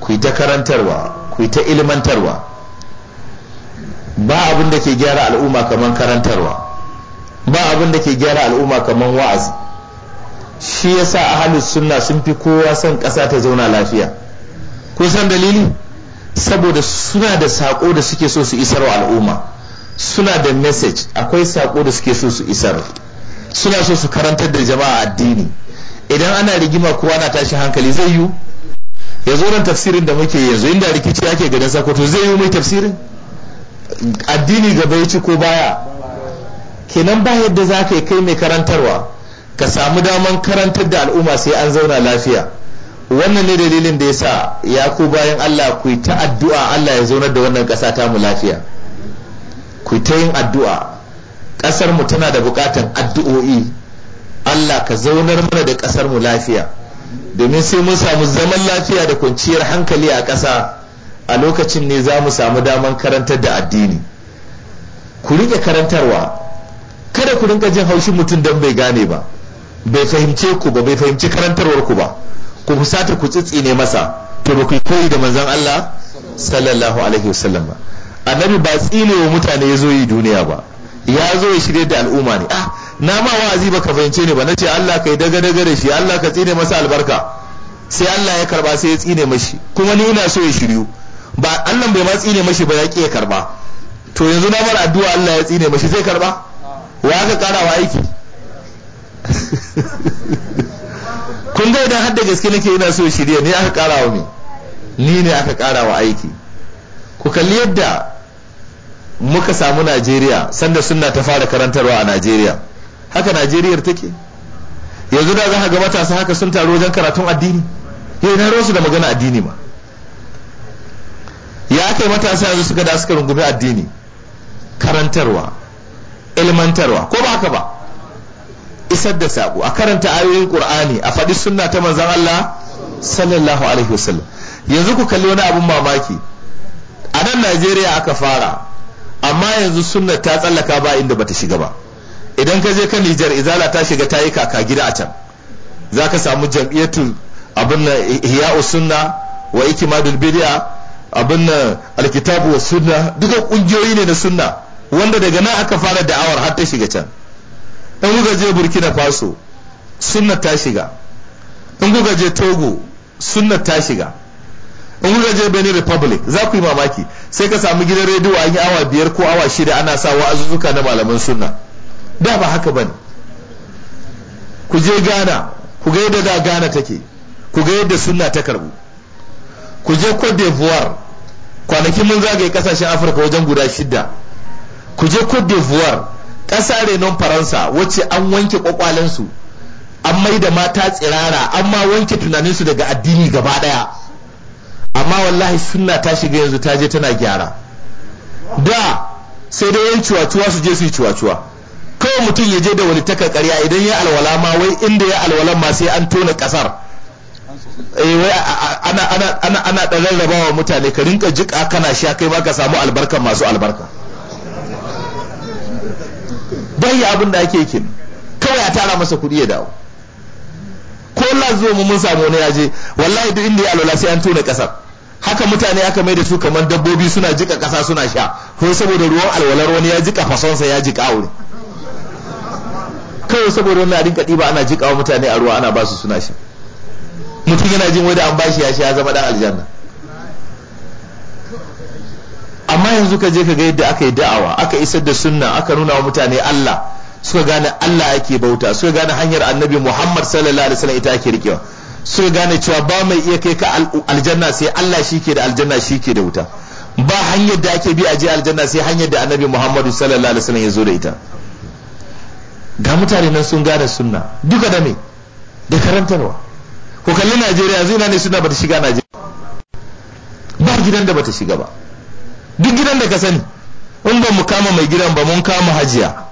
ku ta karantarwa ku ta ilmantarwa ba abin da ke gyara al'umma kamar karantarwa ba abin da ke gyara al'umma kamar wa'azi shi yasa ahalus sunna sun fi kowa son ƙasa ta zauna lafiya kun san dalili saboda suna da sako da suke so su isar wa al'umma suna da message akwai saƙo da suke so su isar suna so su karantar da jama'a addini idan ana rigima kowa na tashi hankali zai yiwu ya zo nan tafsirin da muke yanzu inda rikici ake ganin sakoto zai yiwu mai tafsirin addini gaba ya ci ko baya kenan ba yadda za ka yi kai mai karantarwa ka samu daman karantar da al'umma sai an zauna lafiya wannan ne dalilin da ya sa ya ku bayan allah ku yi ta addu'a allah ya zaunar da wannan ƙasa ta mu lafiya ku ta yin addu'a ƙasar tana da buƙatar addu'o'i Allah ka zaunar mana da ƙasar mu lafiya domin sai mun samu zaman lafiya da kwanciyar hankali a ƙasa a lokacin ne za mu samu daman karantar da addini ku riƙe karantarwa kada ku rinka jin haushin mutum don bai gane ba bai fahimce ku ba bai fahimci karantarwar ku ba ku fusata ku tsitsi ne masa to ba ku koyi da manzon Allah sallallahu alaihi wasallam ba annabi ba tsine wa mutane ya zo yi duniya ba ya zo ya shirye da al'umma ne ah na ma wa'azi ka fahimce ne ba na ce Allah kai daga daga da shi Allah ka tsine masa albarka sai Allah ya karba sai ya tsine mashi kuma ni ina so ya shiryu ba Allah bai ma tsine mashi ba ya ki ya karba to yanzu na bar addu'a Allah ya tsine mashi zai karba wa aka kara wa aiki kun ga idan har da gaske nake ina so shirye ne aka kara wa me ni ne aka kara wa aiki ku kalli yadda muka samu najeriya sanda sunna ta fara karantarwa a najeriya haka najeriyar take yanzu da za ga matasa haka sun taru wajen karatun addini yau eh, na rosu da magana addini ma ya kai matasa yanzu suka da suka rungumi addini karantarwa ilmantarwa ko ba haka ba isar da saƙo a karanta ayoyin qur'ani a faɗi sunna ta manzon Allah sallallahu alaihi wasallam yanzu ku kalli wani abun mamaki a nan Najeriya aka fara amma yanzu sunna ta tsallaka ba inda bata shiga ba idan ka je ka Nijar izala ta shiga ta yi kaka gida a can za ka samu jam'iyyatu abin na hiya'u sunna wa ikimadul bid'a abin na alkitabu wa sunna duka kungiyoyi ne na sunna wanda daga nan aka fara da'awar har ta shiga can in kuka je burkina faso sunna ta shiga in kuka je togo sunna ta shiga in kuka je Benin Republic za ku yi mamaki sai ka samu gidan rediyo an yi awa biyar ko awa shida ana sa wa'azuzzuka na malaman sunna da ba haka bane ku je Ghana ku ga yadda da Ghana take ku ga yadda sunna ta karbu ku je Cote d'Ivoire kwanaki mun zagaye kasashen Afirka wajen guda shida ku je Cote d'Ivoire ƙasa renon Faransa wacce an wanke kwakwalensu an mai da mata tsirara an ma wanke tunaninsu daga addini gaba daya. amma wallahi sunna ta shiga yanzu ta je tana gyara da sai dai yan ciwaciwa su je su yi kawai mutum ya je da wani taka karya idan ya alwala ma wai inda ya alwala ma sai an tona kasar eh, wai ana ana ana ana mutane ka rinka jika kana sha kai ma ka samu albarka masu albarka bayya abin da ake kin kawai a tara masa kuɗi ya dawo ko lazuwa mu mun samu wani yaje wallahi duk inda ya alwala sai an tona kasar haka mutane aka mai da su kamar dabbobi suna jika kasa suna sha ko saboda ruwan alwalar wani ya jika fasonsa ya jika aure kawai saboda wannan rinka ɗiba ana wa mutane a ruwa ana basu suna sha mutum yana jin wanda an bashi ya sha ya zama dan aljanna amma yanzu ka je ka ga yadda aka yi da'awa aka isar da sunna aka nuna wa mutane Allah suka gane Allah ake bauta suka gane hanyar annabi Muhammad sallallahu alaihi wasallam ita ake rikewa suka gane cewa ba mai iya kai ka aljanna sai Allah shike da aljanna shike da wuta ba hanyar da ake bi a je aljanna sai hanyar da annabi Muhammad sallallahu alaihi wasallam ya zo da ita ga mutane nan sun gane sunna duka da me da karantarwa ko kalli Najeriya yanzu ina ne sunna bata shiga Najeriya ba gidan da bata shiga ba duk gidan da ka sani in ba mu kama mai gidan ba mun kama hajiya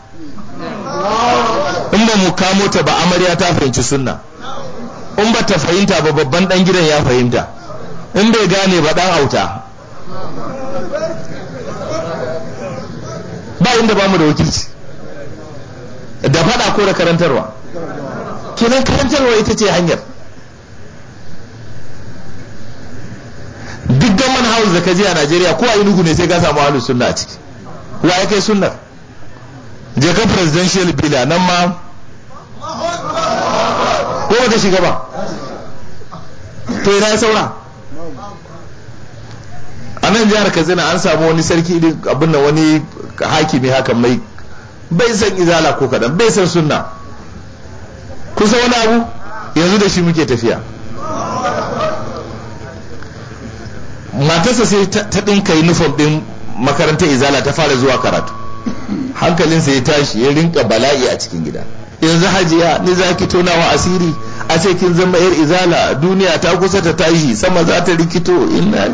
in ba mu kamo ta ba amarya ta fahimci sunna in ba ta fahimta ba babban dan gidan ya fahimta in bai gane ba dan auta ba inda ba mu da wakilci da fada ko da karantarwa kenan karantarwa ita ce hanyar duk gaman house da ka je a Najeriya ko a Enugu ne sai ka samu ahlus sunna a ciki wa ya kai sunnar je ka presidential a nan ma ko ba ta shiga ba to ina ya saura a nan jihar katsina an samu wani sarki abin da wani hakimi haka mai bai san izala ko kadan bai san sunna kusa wani abu yanzu da shi muke tafiya matarsa sai ta ɗinka yi nufon ɗin makarantar izala ta fara zuwa karatu hankalinsa ya tashi ya rinka bala'i a cikin gida yanzu hajiya ni za ki tona wa asiri a ce kin zama yar izala duniya ta kusa ta tashi sama za ta rikito inna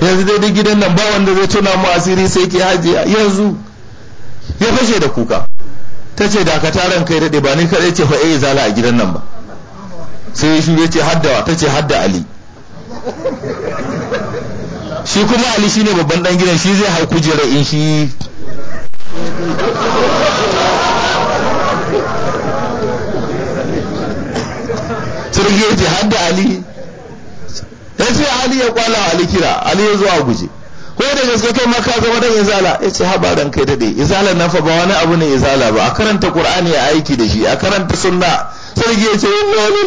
yanzu daidai gidan nan ba wanda zai tona mu asiri sai ke hajiya yanzu ya fashe da kuka ta ce da ka taron kai daɗe ba ni kaɗai ce fa'e izala a gidan nan ba sai ya shure ce haddawa ta ce hadda ali shi kuma ali shine babban dan gidan shi zai hau kujera in shi sarki ya da ali ya ce ali ya kwala ali kira ali ya zo a guje ko da gaske kai maka zama dan izala ya ce habaran ran kai dade izala na fa ba wani abu ne izala ba a karanta qur'ani a aiki da shi a karanta sunna sarki ya ce wallahi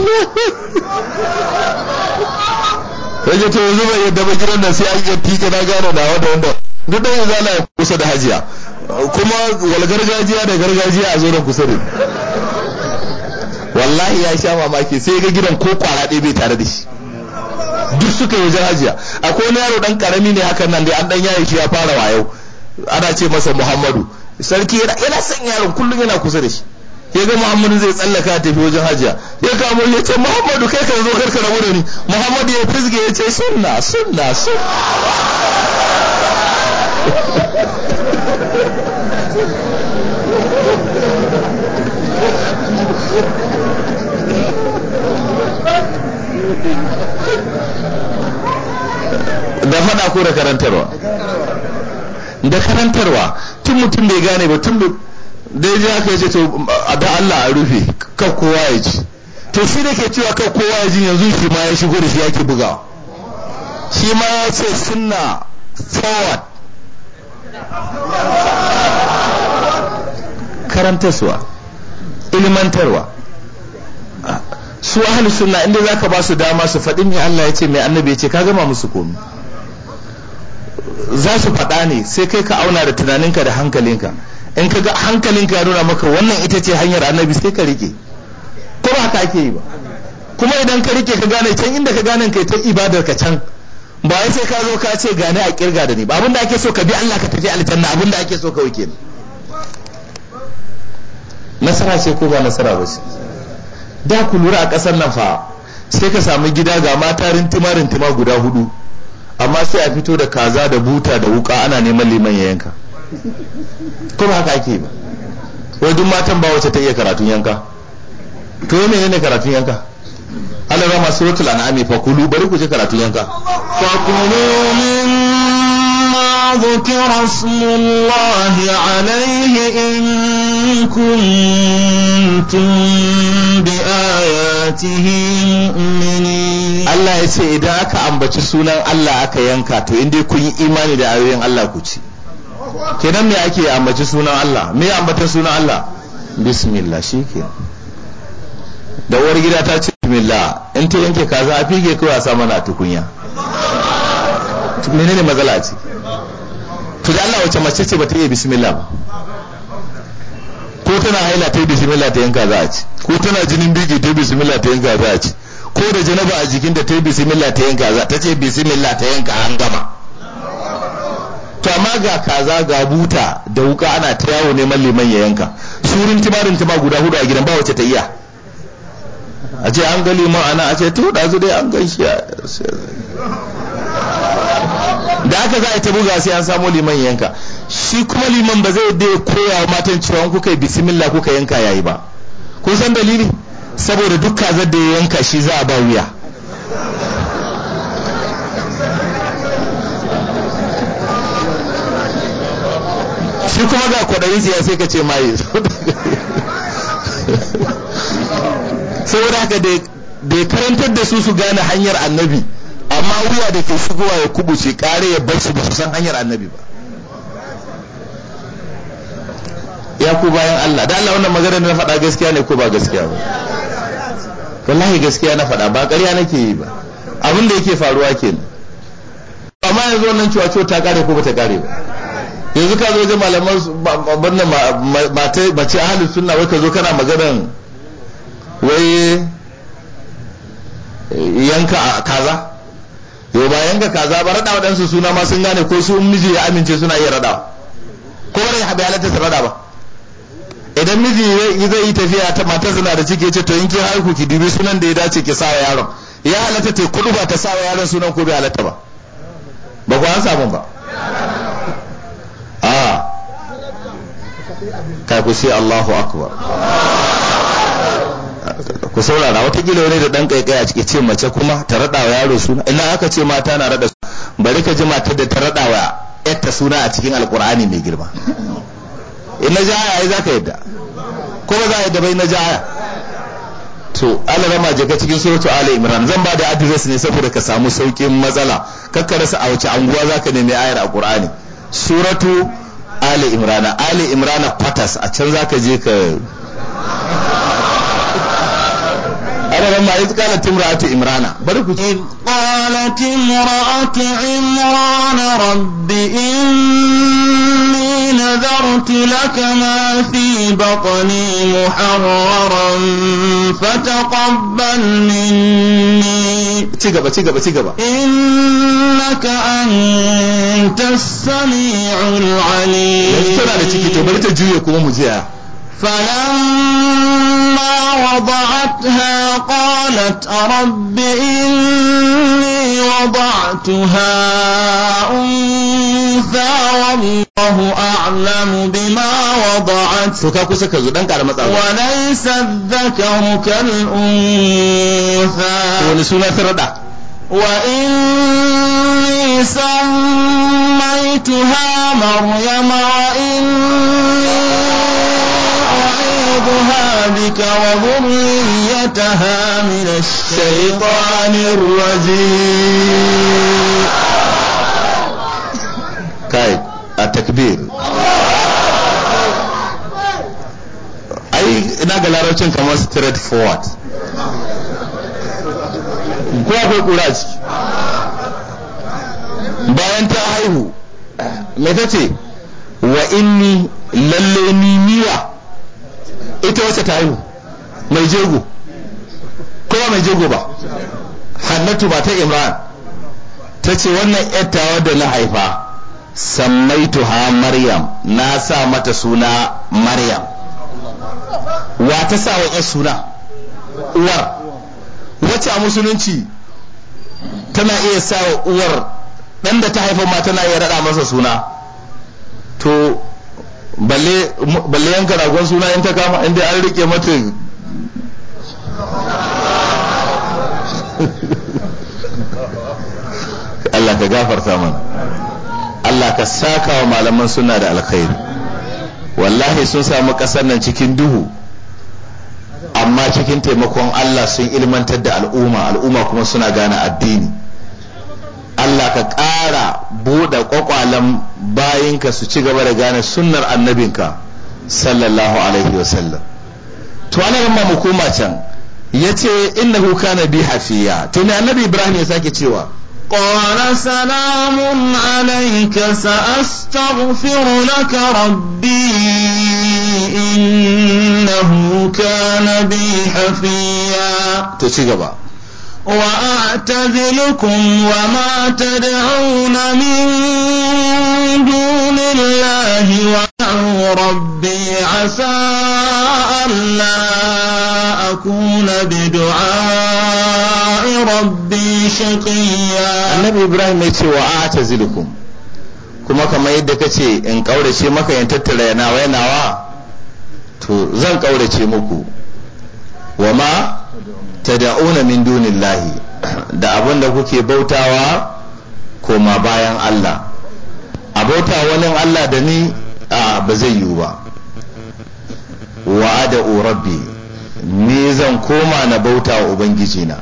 sai ce yanzu bai yadda ba gidan nan sai an yi tike na gane nawa da wanda duk da yanzu ana kusa da hajiya kuma wal gargajiya da gargajiya a zo da kusa ne wallahi ya sha mamaki sai ga gidan ko kwara ɗaya bai tare da shi duk suka yi wajen hajiya akwai wani yaro dan karami ne hakan nan dai an dan yaye shi ya fara wayo ana ce masa muhammadu sarki yana son yaron kullum yana kusa da shi ya ga Muhammadu zai tsallaka tafi wajen hajiya ya kamo ya ce Muhammadu kai ka zo karka rabu da ni Muhammadu ya fizge ya ce sunna sunna sunna da fada ko da karantarwa da karantarwa tun mutum bai gane ba tun dai ji aka ce to a da Allah a rufe kan kowa ya ji to shi da ke cewa kan kowa ya ji yanzu shi ma ya shigo da shi yake buga shi ma ya ce sunna forward karantarwa ilmantarwa su ahli sunna inda zaka ba su dama su faɗi me Allah ya ce me annabi ya ce ka gama musu komi za su faɗa ne sai kai ka auna da tunaninka da hankalinka in ka ga hankalinka ya nuna maka wannan ita ce hanyar annabi sai ka rike ko ba ka ake yi ba kuma idan ka rike ka gane can inda ka gane ka ta ibadar ka can ba wai sai ka zo ka ce gane a kirga da ni ba abinda ake so ka bi Allah ka tafi aljanna abinda ake so ka wuke nasara ce ko ba nasara ba ce da ku lura a kasar nan fa sai ka samu gida ga mata rintima rintima guda hudu amma sai a fito da kaza da buta da wuka ana neman liman ya yanka kuma haka ake ba wai duk matan ba wacce ta iya karatun yanka to yi menene karatun yanka ala ya masu rotul an'ami fa kulu bari ku je karatun yanka fa kulu ma dhukira ismullahi alayhi in kuntum bi ayatihi mu'minin Allah ya ce idan aka ambaci sunan Allah aka yanka to in dai kun yi imani da ayoyin Allah ku ci kenan me ake ambaci sunan Allah me ambata sunan Allah bismillah shike da uwar gida ta ce bismillah in ta yanke kaza a fige kawai a sa mana tukunya menene matsala ce to da Allah wace mace ce bata yi bismillah ba ko tana haila ta yi bismillah ta yanka za a ci ko tana jinin biji ta yi bismillah ta yanka za a ci ko da janaba a jikin da ta yi bismillah ta yanka za ta ce bismillah ta yanka an gama to amma ga kaza ga buta da wuka ana ta yawo neman liman ya yanka surin timarin tima guda hudu a gidan ba wacce ta iya a ce an ga liman ana a ce ta da zu dai an gan shi da aka za a ta buga sai an samu liman ya yanka shi kuma liman ba zai dai koya wa matan cewa kuka yi bismillah kuka yanka yayi ba kun san dalili saboda duk kazar da ya yanka shi za a ba wuya shi kuma ga kwaɗayi siya sai ka ce maye saboda haka da karantar da su su gane hanyar annabi amma ruwa da ke shigowa ya kubuce kare ya bar su ba su san hanyar annabi ba ya ku bayan Allah da Allah wannan magana na faɗa gaskiya ne ko ba gaskiya ba wallahi gaskiya na faɗa ba ƙarya nake yi ba abin da yake faruwa kenan amma yanzu wannan cewa ta kare ko ba ta kare ba yanzu ka zo wajen malaman banna mace mace ahalin sunna wai ka zo kana maganan wai yanka kaza yau ba yanka kaza ba rada waɗansu suna ma sun gane ko su miji ya amince suna iya rada ko ba haɓe halatta su rada ba idan miji zai yi tafiya ta matar suna da ciki ce to in kin haihu ki dubi sunan da ya dace ki sawa yaron ya halatta ta kudu ba ta sawa yaron sunan ko bai halatta ba ba ku an samu ba ka ku Allahu akbar ku saurara gila wani da ɗan ƙaiƙai a ciki ce mace kuma ta raɗa wa yaro suna ina aka ce mata na raɗa suna. bari ka ji mata da ta raɗa wa yatta suna a cikin Alƙur'ani mai girma in na ji aya ai ka yadda ko ba za a yadda bai na ji aya to Allah rama je cikin suratu Ali Imran zan ba da address ne saboda ka samu saukin matsala Kakkarasa a wace anguwa za ka nemi ayar a Ƙur'ani. suratu ali imrana ali imrana Patas a can zaka je ka ma ma iz qalat imra'atu imrana bari ku iz qalat imra'atu imrana rabbi inni nadartu laka ma fi batni muharraran fataqabbal minni ci gaba ci gaba ci gaba innaka antas sami'ul alim yanzu tana da ciki to bari ta juye kuma mu jiya فلما وضعتها قالت رب إني وضعتها أنثى والله أعلم بما وضعت وليس الذكر كالأنثى وإني سميتها مريم وإني يرزقها بك وذريتها من الشيطان الرجيم ina ga larabcin kamar straight forward ko akwai bayan ta haihu mai ta ce wa inni lalle ni niwa ita wacce ta haihu mai jego kowa mai jego ba hannatu ba ta imran ta ce wannan yadda da na haifa tuha maryam na sa mata suna maryam wa ta sa wa suna uwar wacce a musulunci tana iya sa wa uwar ɗanda da ta haifa ma tana iya raɗa masa suna to balle yanka ragon suna in ta kama inda an rike mata Allah ka gafarta mana Allah ka saka wa malaman suna da alkhairi wallahi sun samu ƙasar nan cikin duhu amma cikin taimakon Allah sun ilmantar da al'umma al'umma kuma suna gane addini Allah ka ƙara buɗe ƙwaƙwalen bayinka su ci gaba da gane sunnar annabinka sallallahu alaihi wasallam to ana ma mu ya ce yace kuka na bi hafiya to ne annabi Ibrahim ya sake cewa salamun قال سلام عليك سأستغفر kuka na bi hafiya. To ci gaba. وأعتزلكم وما تدعون من دون الله وأدعو ربي عسى ألا أكون بدعاء ربي شقيا النبي إبراهيم يتي وأعتزلكم kuma kamar yadda ka ce in ƙaurace maka in tattara yana wa to zan ƙaurace muku wa ma tad'una min dunillahi da abin da kuke bautawa koma bayan Allah a bauta wani Allah da ni a ba zai yiwu ba wa'ada rabbi ni zan koma na bauta wa ubangiji na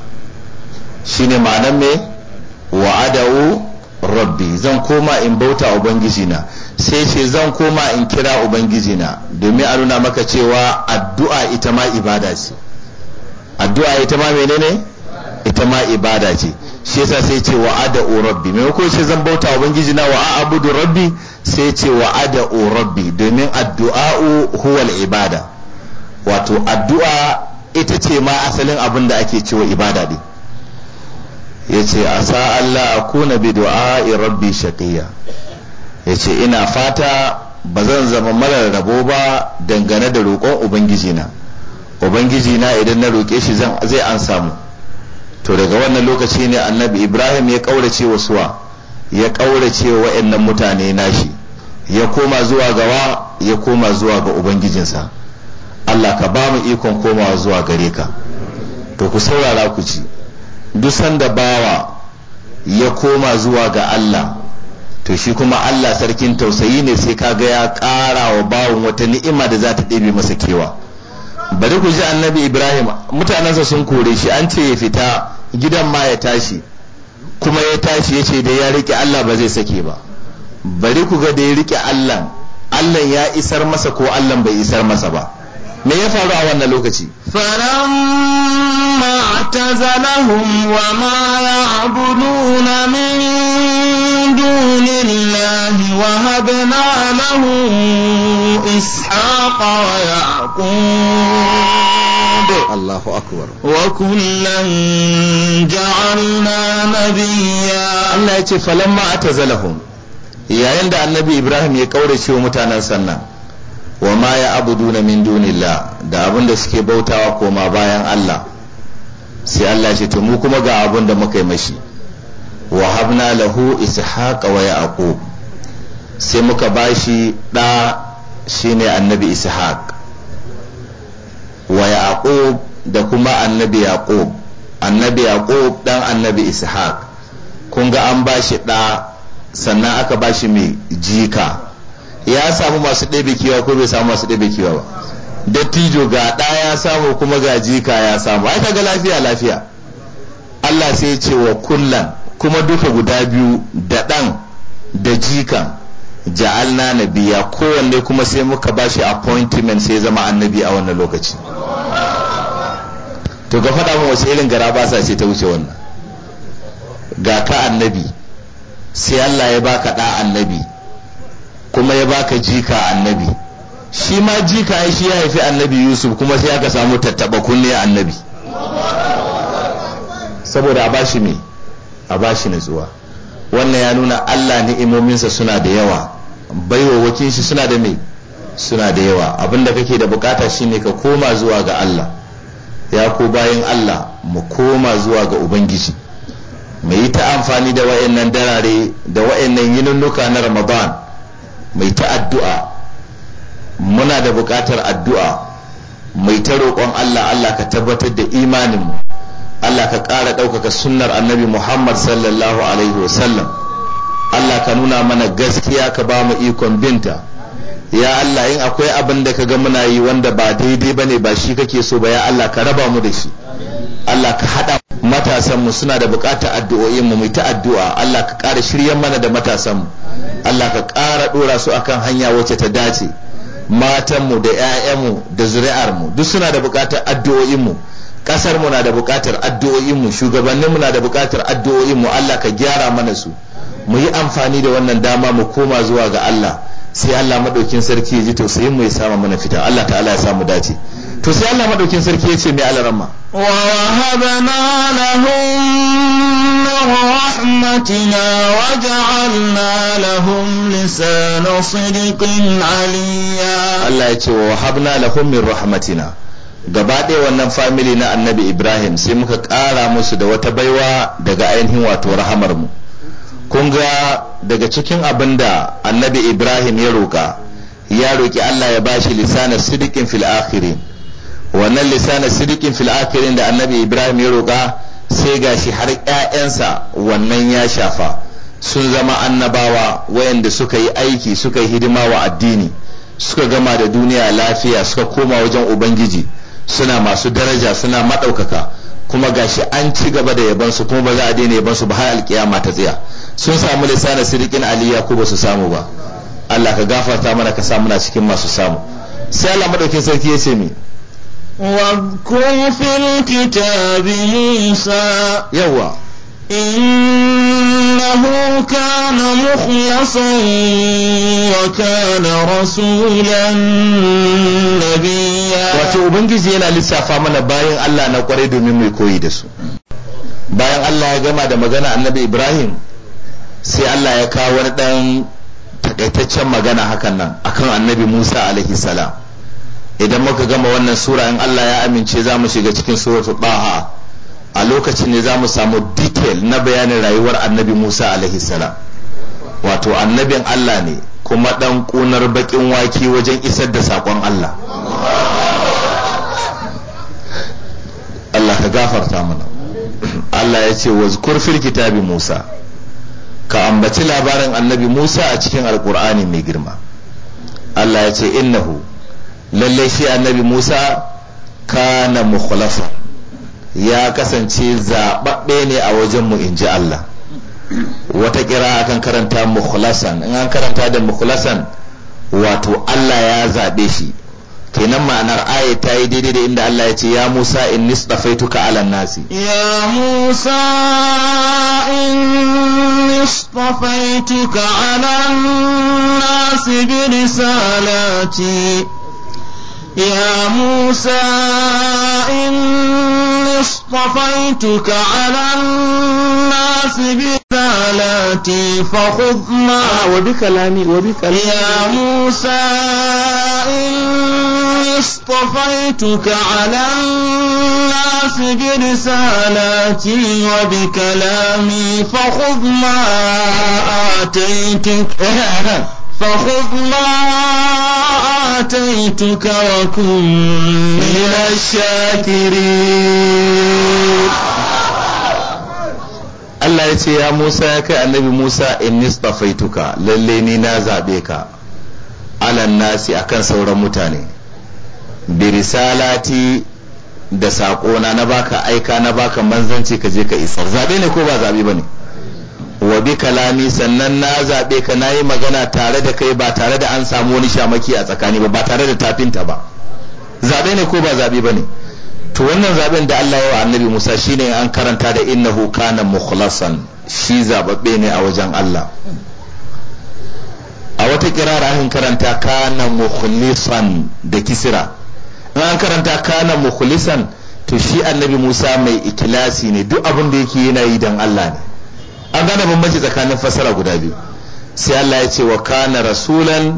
shine ma'anar me wa'ada rabbi zan koma in bauta ubangiji na sai ce zan koma in kira ubangiji na domin a nuna maka cewa addu'a ita ma ibada ce addu'a ita ma menene ita ma ibada ce shi yasa sai ce wa urabbi rabbi maimako sai zan bauta wa bangiji na wa abudu rabbi sai ce wa ada rabbi domin addu'a'u huwal ibada wato addu'a ita ce ma asalin abin da ake cewa ibada ne ya a sa Allah a kuna bi du'a rabbi shaqiya ya ina fata ba zan zama marar rabo ba dangane da roƙon ubangiji na ubangiji na idan na roƙe shi zai an samu to daga wannan lokaci ne annabi ibrahim ya ƙaurace wa suwa ya ƙaurace wa wa'annan mutane nashi ya koma zuwa gawa ya koma zuwa ga ubangijinsa allah ka ba mu ikon komawa zuwa gare ka to ku saurara ku ci duk sanda bawa ya koma zuwa ga allah to shi kuma allah sarkin tausayi ne sai ka ga ya ƙara wa bawon wata ni'ima da za ta ɗebe masa kewa bari ku ji annabi ibrahim mutanensa sun kore shi an ce ya fita gidan ma ya tashi kuma ya tashi ya ce da ya rike allah ba zai sake ba bari ku ga da ya rike allah allah ya isar masa ko allah bai isar masa ba me ya faru a wannan lokaci falamma atazalahum wa ma ya'buduna min dunillahi wa habna lahu ishaqa wa yaqub Allahu akbar wa kullan ja'alna nabiyya Allah ya ce falamma atazalahum yayin da annabi Ibrahim ya kaurace wa mutanen sannan wa ma ya na min dunillah da abin da suke bautawa koma bayan Allah sai Allah shi mu kuma ga abin da muka yi mashi wa habna lahu ishaqa wa yaqub sai muka bashi da shine annabi ishaq wa yaqub da kuma annabi yaqub annabi yaqub dan annabi ishaq kun ga an bashi da sannan aka bashi mai jika ya samu masu ɗebe kewa ko bai samu masu ɗebe kewa ba dattijo ga ɗa ya samu kuma ga jika ya samu ai kaga lafiya lafiya Allah sai ce wa kullan kuma duka guda biyu da ɗan da jikan ja'alna nabiya kowanne kuma sai muka bashi appointment sai zama annabi a wannan lokaci to ka faɗa min wasu irin gara ba sa ce ta wuce wannan ga ka annabi sai Allah ya baka ɗa annabi kuma ya baka jika annabi shi ma jika shi ya haifi annabi yusuf kuma sai aka samu tattaba kunne annabi saboda a bashi me a bashi wannan ya nuna allah ni'imominsa suna da yawa baiwawakin shi suna da me suna da yawa abinda kake da bukata shine ka koma zuwa ga allah ya ko bayan allah mu koma zuwa ga ubangiji mu yi ta amfani da wa'annan darare da wa'annan yinunnuka na ramadan mai ta addu'a muna da buƙatar addu'a mai ta roƙon Allah Allah ka tabbatar da imaninmu Allah ka ƙara ɗaukaka sunnar annabi Muhammad sallallahu alaihi wasallam Allah ka nuna mana gaskiya ka ba mu ikon binta ya Allah in akwai abin da ka ga muna yi wanda ba daidai ba ne ba shi kake so ba ya Allah ka raba mu da shi Allah ka haɗa matasanmu suna da bukatar addu'o'inmu mu ta addu'a Allah ka ƙara shiryen mana da matasanmu Allah ka ƙara ɗora su a kan hanya wacce ta dace matanmu da 'ya'yanmu da zuri'armu duk suna da buƙatar addu'o'inmu ƙasarmu na da buƙatar addu'o'inmu shugabanninmu na da buƙatar addu'o'inmu Allah ka gyara mana su mu yi amfani da wannan dama mu koma zuwa ga Allah sai Allah maɗaukin sarki ya ji tausayin mu ya sama mana fita Allah ta'ala ya samu dace to sai Allah madaukin sarki yace mai alarama wa habana lahum rahmatina wa ja'alna lahum lisana sidqin aliya Allah yace wa wahabna lahum min rahmatina gaba ɗaya wannan family na annabi Ibrahim sai muka ƙara musu da wata baiwa daga ainihin wato rahamar mu kun ga daga cikin abin da annabi ibrahim ya roƙa ya roƙi allah ya bashi lisanin sidikin fil akhirin wannan lisanin sirikin fil da annabi ibrahim ya roƙa sai gashi har 'ya'yansa wannan ya shafa sun zama annabawa wayanda suka yi aiki suka yi hidima wa addini suka gama da duniya lafiya suka koma wajen ubangiji suna masu daraja suna maɗaukaka kuma gashi an ci gaba da yaban su kuma ba za a daina yaban su ba har alkiyama ta tsaya sun samu lisanin sirikin aliya ko ba su samu ba Allah ka gafarta mana ka sa muna cikin masu samu sai Allah madaukin sarki ya ce mi واذكر في الكتاب موسى يوا إنه كان مخلصا وكان رسولا نبيا wato ubangiji yana lissafa mana bayan Allah na kwarai domin mai koyi da su bayan Allah ya gama da magana annabi Ibrahim sai Allah ya kawo wani dan takaitaccen magana hakan nan akan annabi Musa alaihi salam idan muka gama wannan sura in Allah ya amince za mu shiga cikin suratu baha a lokacin ne za mu samu detail na bayanin rayuwar annabi musa alaihi salam wato annabin Allah ne kuma dan kunar bakin wake wajen isar da sakon Allah Allah ka gafarta mana Allah ya ce wazkur fil kitabi Musa ka ambaci labarin annabi Musa a cikin alkur'ani mai girma Allah ya ce innahu lallai shi annabi musa kana mukhlasa ya kasance zaɓaɓɓe ne a wajenmu in ji allah wata kira akan karanta mukhlasan in an karanta da mukhlasan wato allah ya zaɓe shi kenan ma'anar aya ta yi daidai da inda Allah ya ce ya Musa in nistafaituka ala nasi ya Musa in nistafaituka ala nasi bi risalati يا موسى إني اصطفيتك على الناس برسالاتي فخذ ما وبكلامي آه، وبكلامي يا موسى إني اصطفيتك على الناس برسالاتي وبكلامي فخذ ما آتيتك فخذ ما آتيتك وكن من الشاكرين Allah ya ce ya Musa ya kai annabi Musa in nistafaituka lalle ni na zaɓe ka alan nasi akan sauran mutane bi risalati da saƙona na baka aika na baka manzanci ka je ka isa zaɓe ne ko ba zaɓe ba ne wa bi kalami sannan na zaɓe ka na yi magana tare da kai ba tare da an samu wani shamaki a tsakani ba ba tare da tafinta ba zaɓe ne ko ba zaɓe ba ne to wannan zaɓen da Allah ya wa annabi Musa shi ne an karanta da innahu kana mukhlasan shi zaɓaɓɓe ne a wajen Allah a wata kirara an karanta kana mukhlisan da kisira in an karanta kana mukhlisan to shi annabi Musa mai ikilasi ne duk abin da yake yana yi dan Allah ne an gane bambanci tsakanin fasara guda biyu sai Allah ya ce wa kana rasulan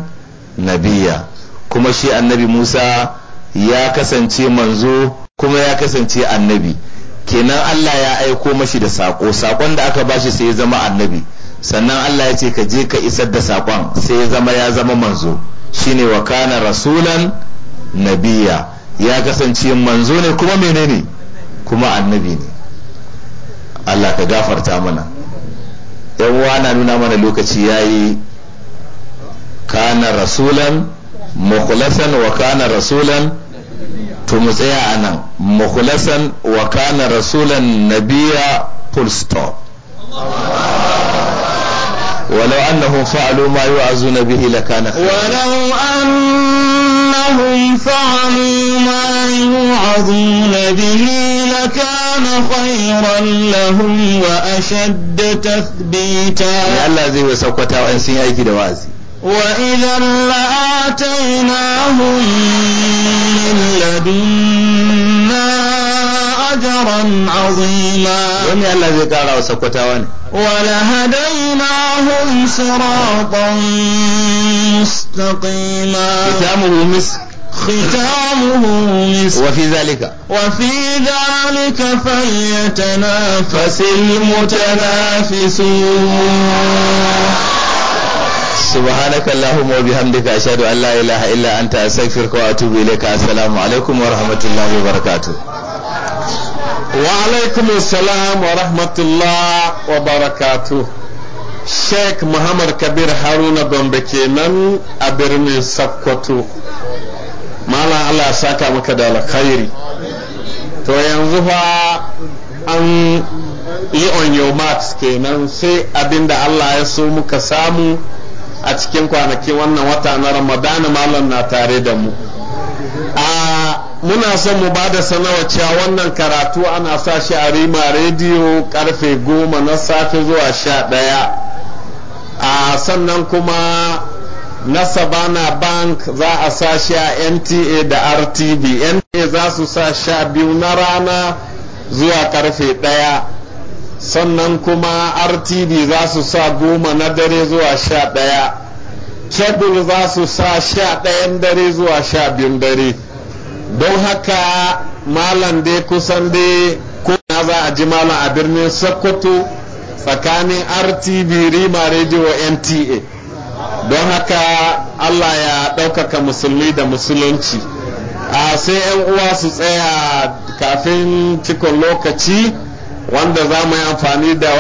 nabiya kuma shi annabi Musa ya kasance manzo kuma ya kasance annabi kenan Allah ya aiko mashi da sako sakon da aka bashi sai ya zama annabi sannan Allah ya ce ka je ka isar da sakon sai ya zama ya zama manzo shine wa kana rasulan nabiya ya kasance manzo ne kuma menene kuma annabi ne Allah ka gafarta mana yan uwa na nuna mana lokaci yayi kana rasulan mukhlasan wa kana rasulan to mu tsaya anan mukhlasan wa kana rasulan nabiya full stop ولو أنهم فعلوا ما يوعظون به لكان خيرا ولو أن لهم فعلوا ما يوعظون به لكان خيرا لهم وأشد تثبيتا الله زي وسوكتا وإن سين أيكي دوازي وإذا لآتيناهم من لدن لنا أجرا عظيما ومن الذي قال وسكتوان ولهديناهم صراطا مستقيما ختامه مسك ختامه مسك وفي ذلك وفي ذلك فليتنافس المتنافسون سبحانك اللهم وبحمدك أشهد أن لا إله إلا illa anta astaghfiruka إليك السلام عليكم ورحمة الله وبركاته وعليكم السلام ورحمة wa وبركاته wa wa sheikh muhammad kabir haruna gombe kenan a birnin sakkwato malam allah saka maka da alkhairi to yanzu fa an yi on your marks kenan sai abinda allah ya so muka samu a cikin kwanakin wannan wata na ramadana malam na tare da mu a muna son mu ba da sanawa cewa wannan karatu ana sa shi a rima rediyo karfe goma na safe zuwa sha ɗaya a sannan kuma na Savannah Bank za a sa shi a NTA da RTV. NTA za su sa sha biyu na rana zuwa karfe ɗaya. sannan kuma rtb za su sa goma na dare zuwa sha ɗaya kebul za su sa sha ɗayan dare zuwa sha biyun dare don haka malam dai kusan dai ko na za a ji malam a birnin sokoto tsakanin rtv rima radio nta don haka allah ya ɗaukaka musulmi da musulunci a sai 'yan uwa su tsaya kafin cikon lokaci wanda za mu yi amfani da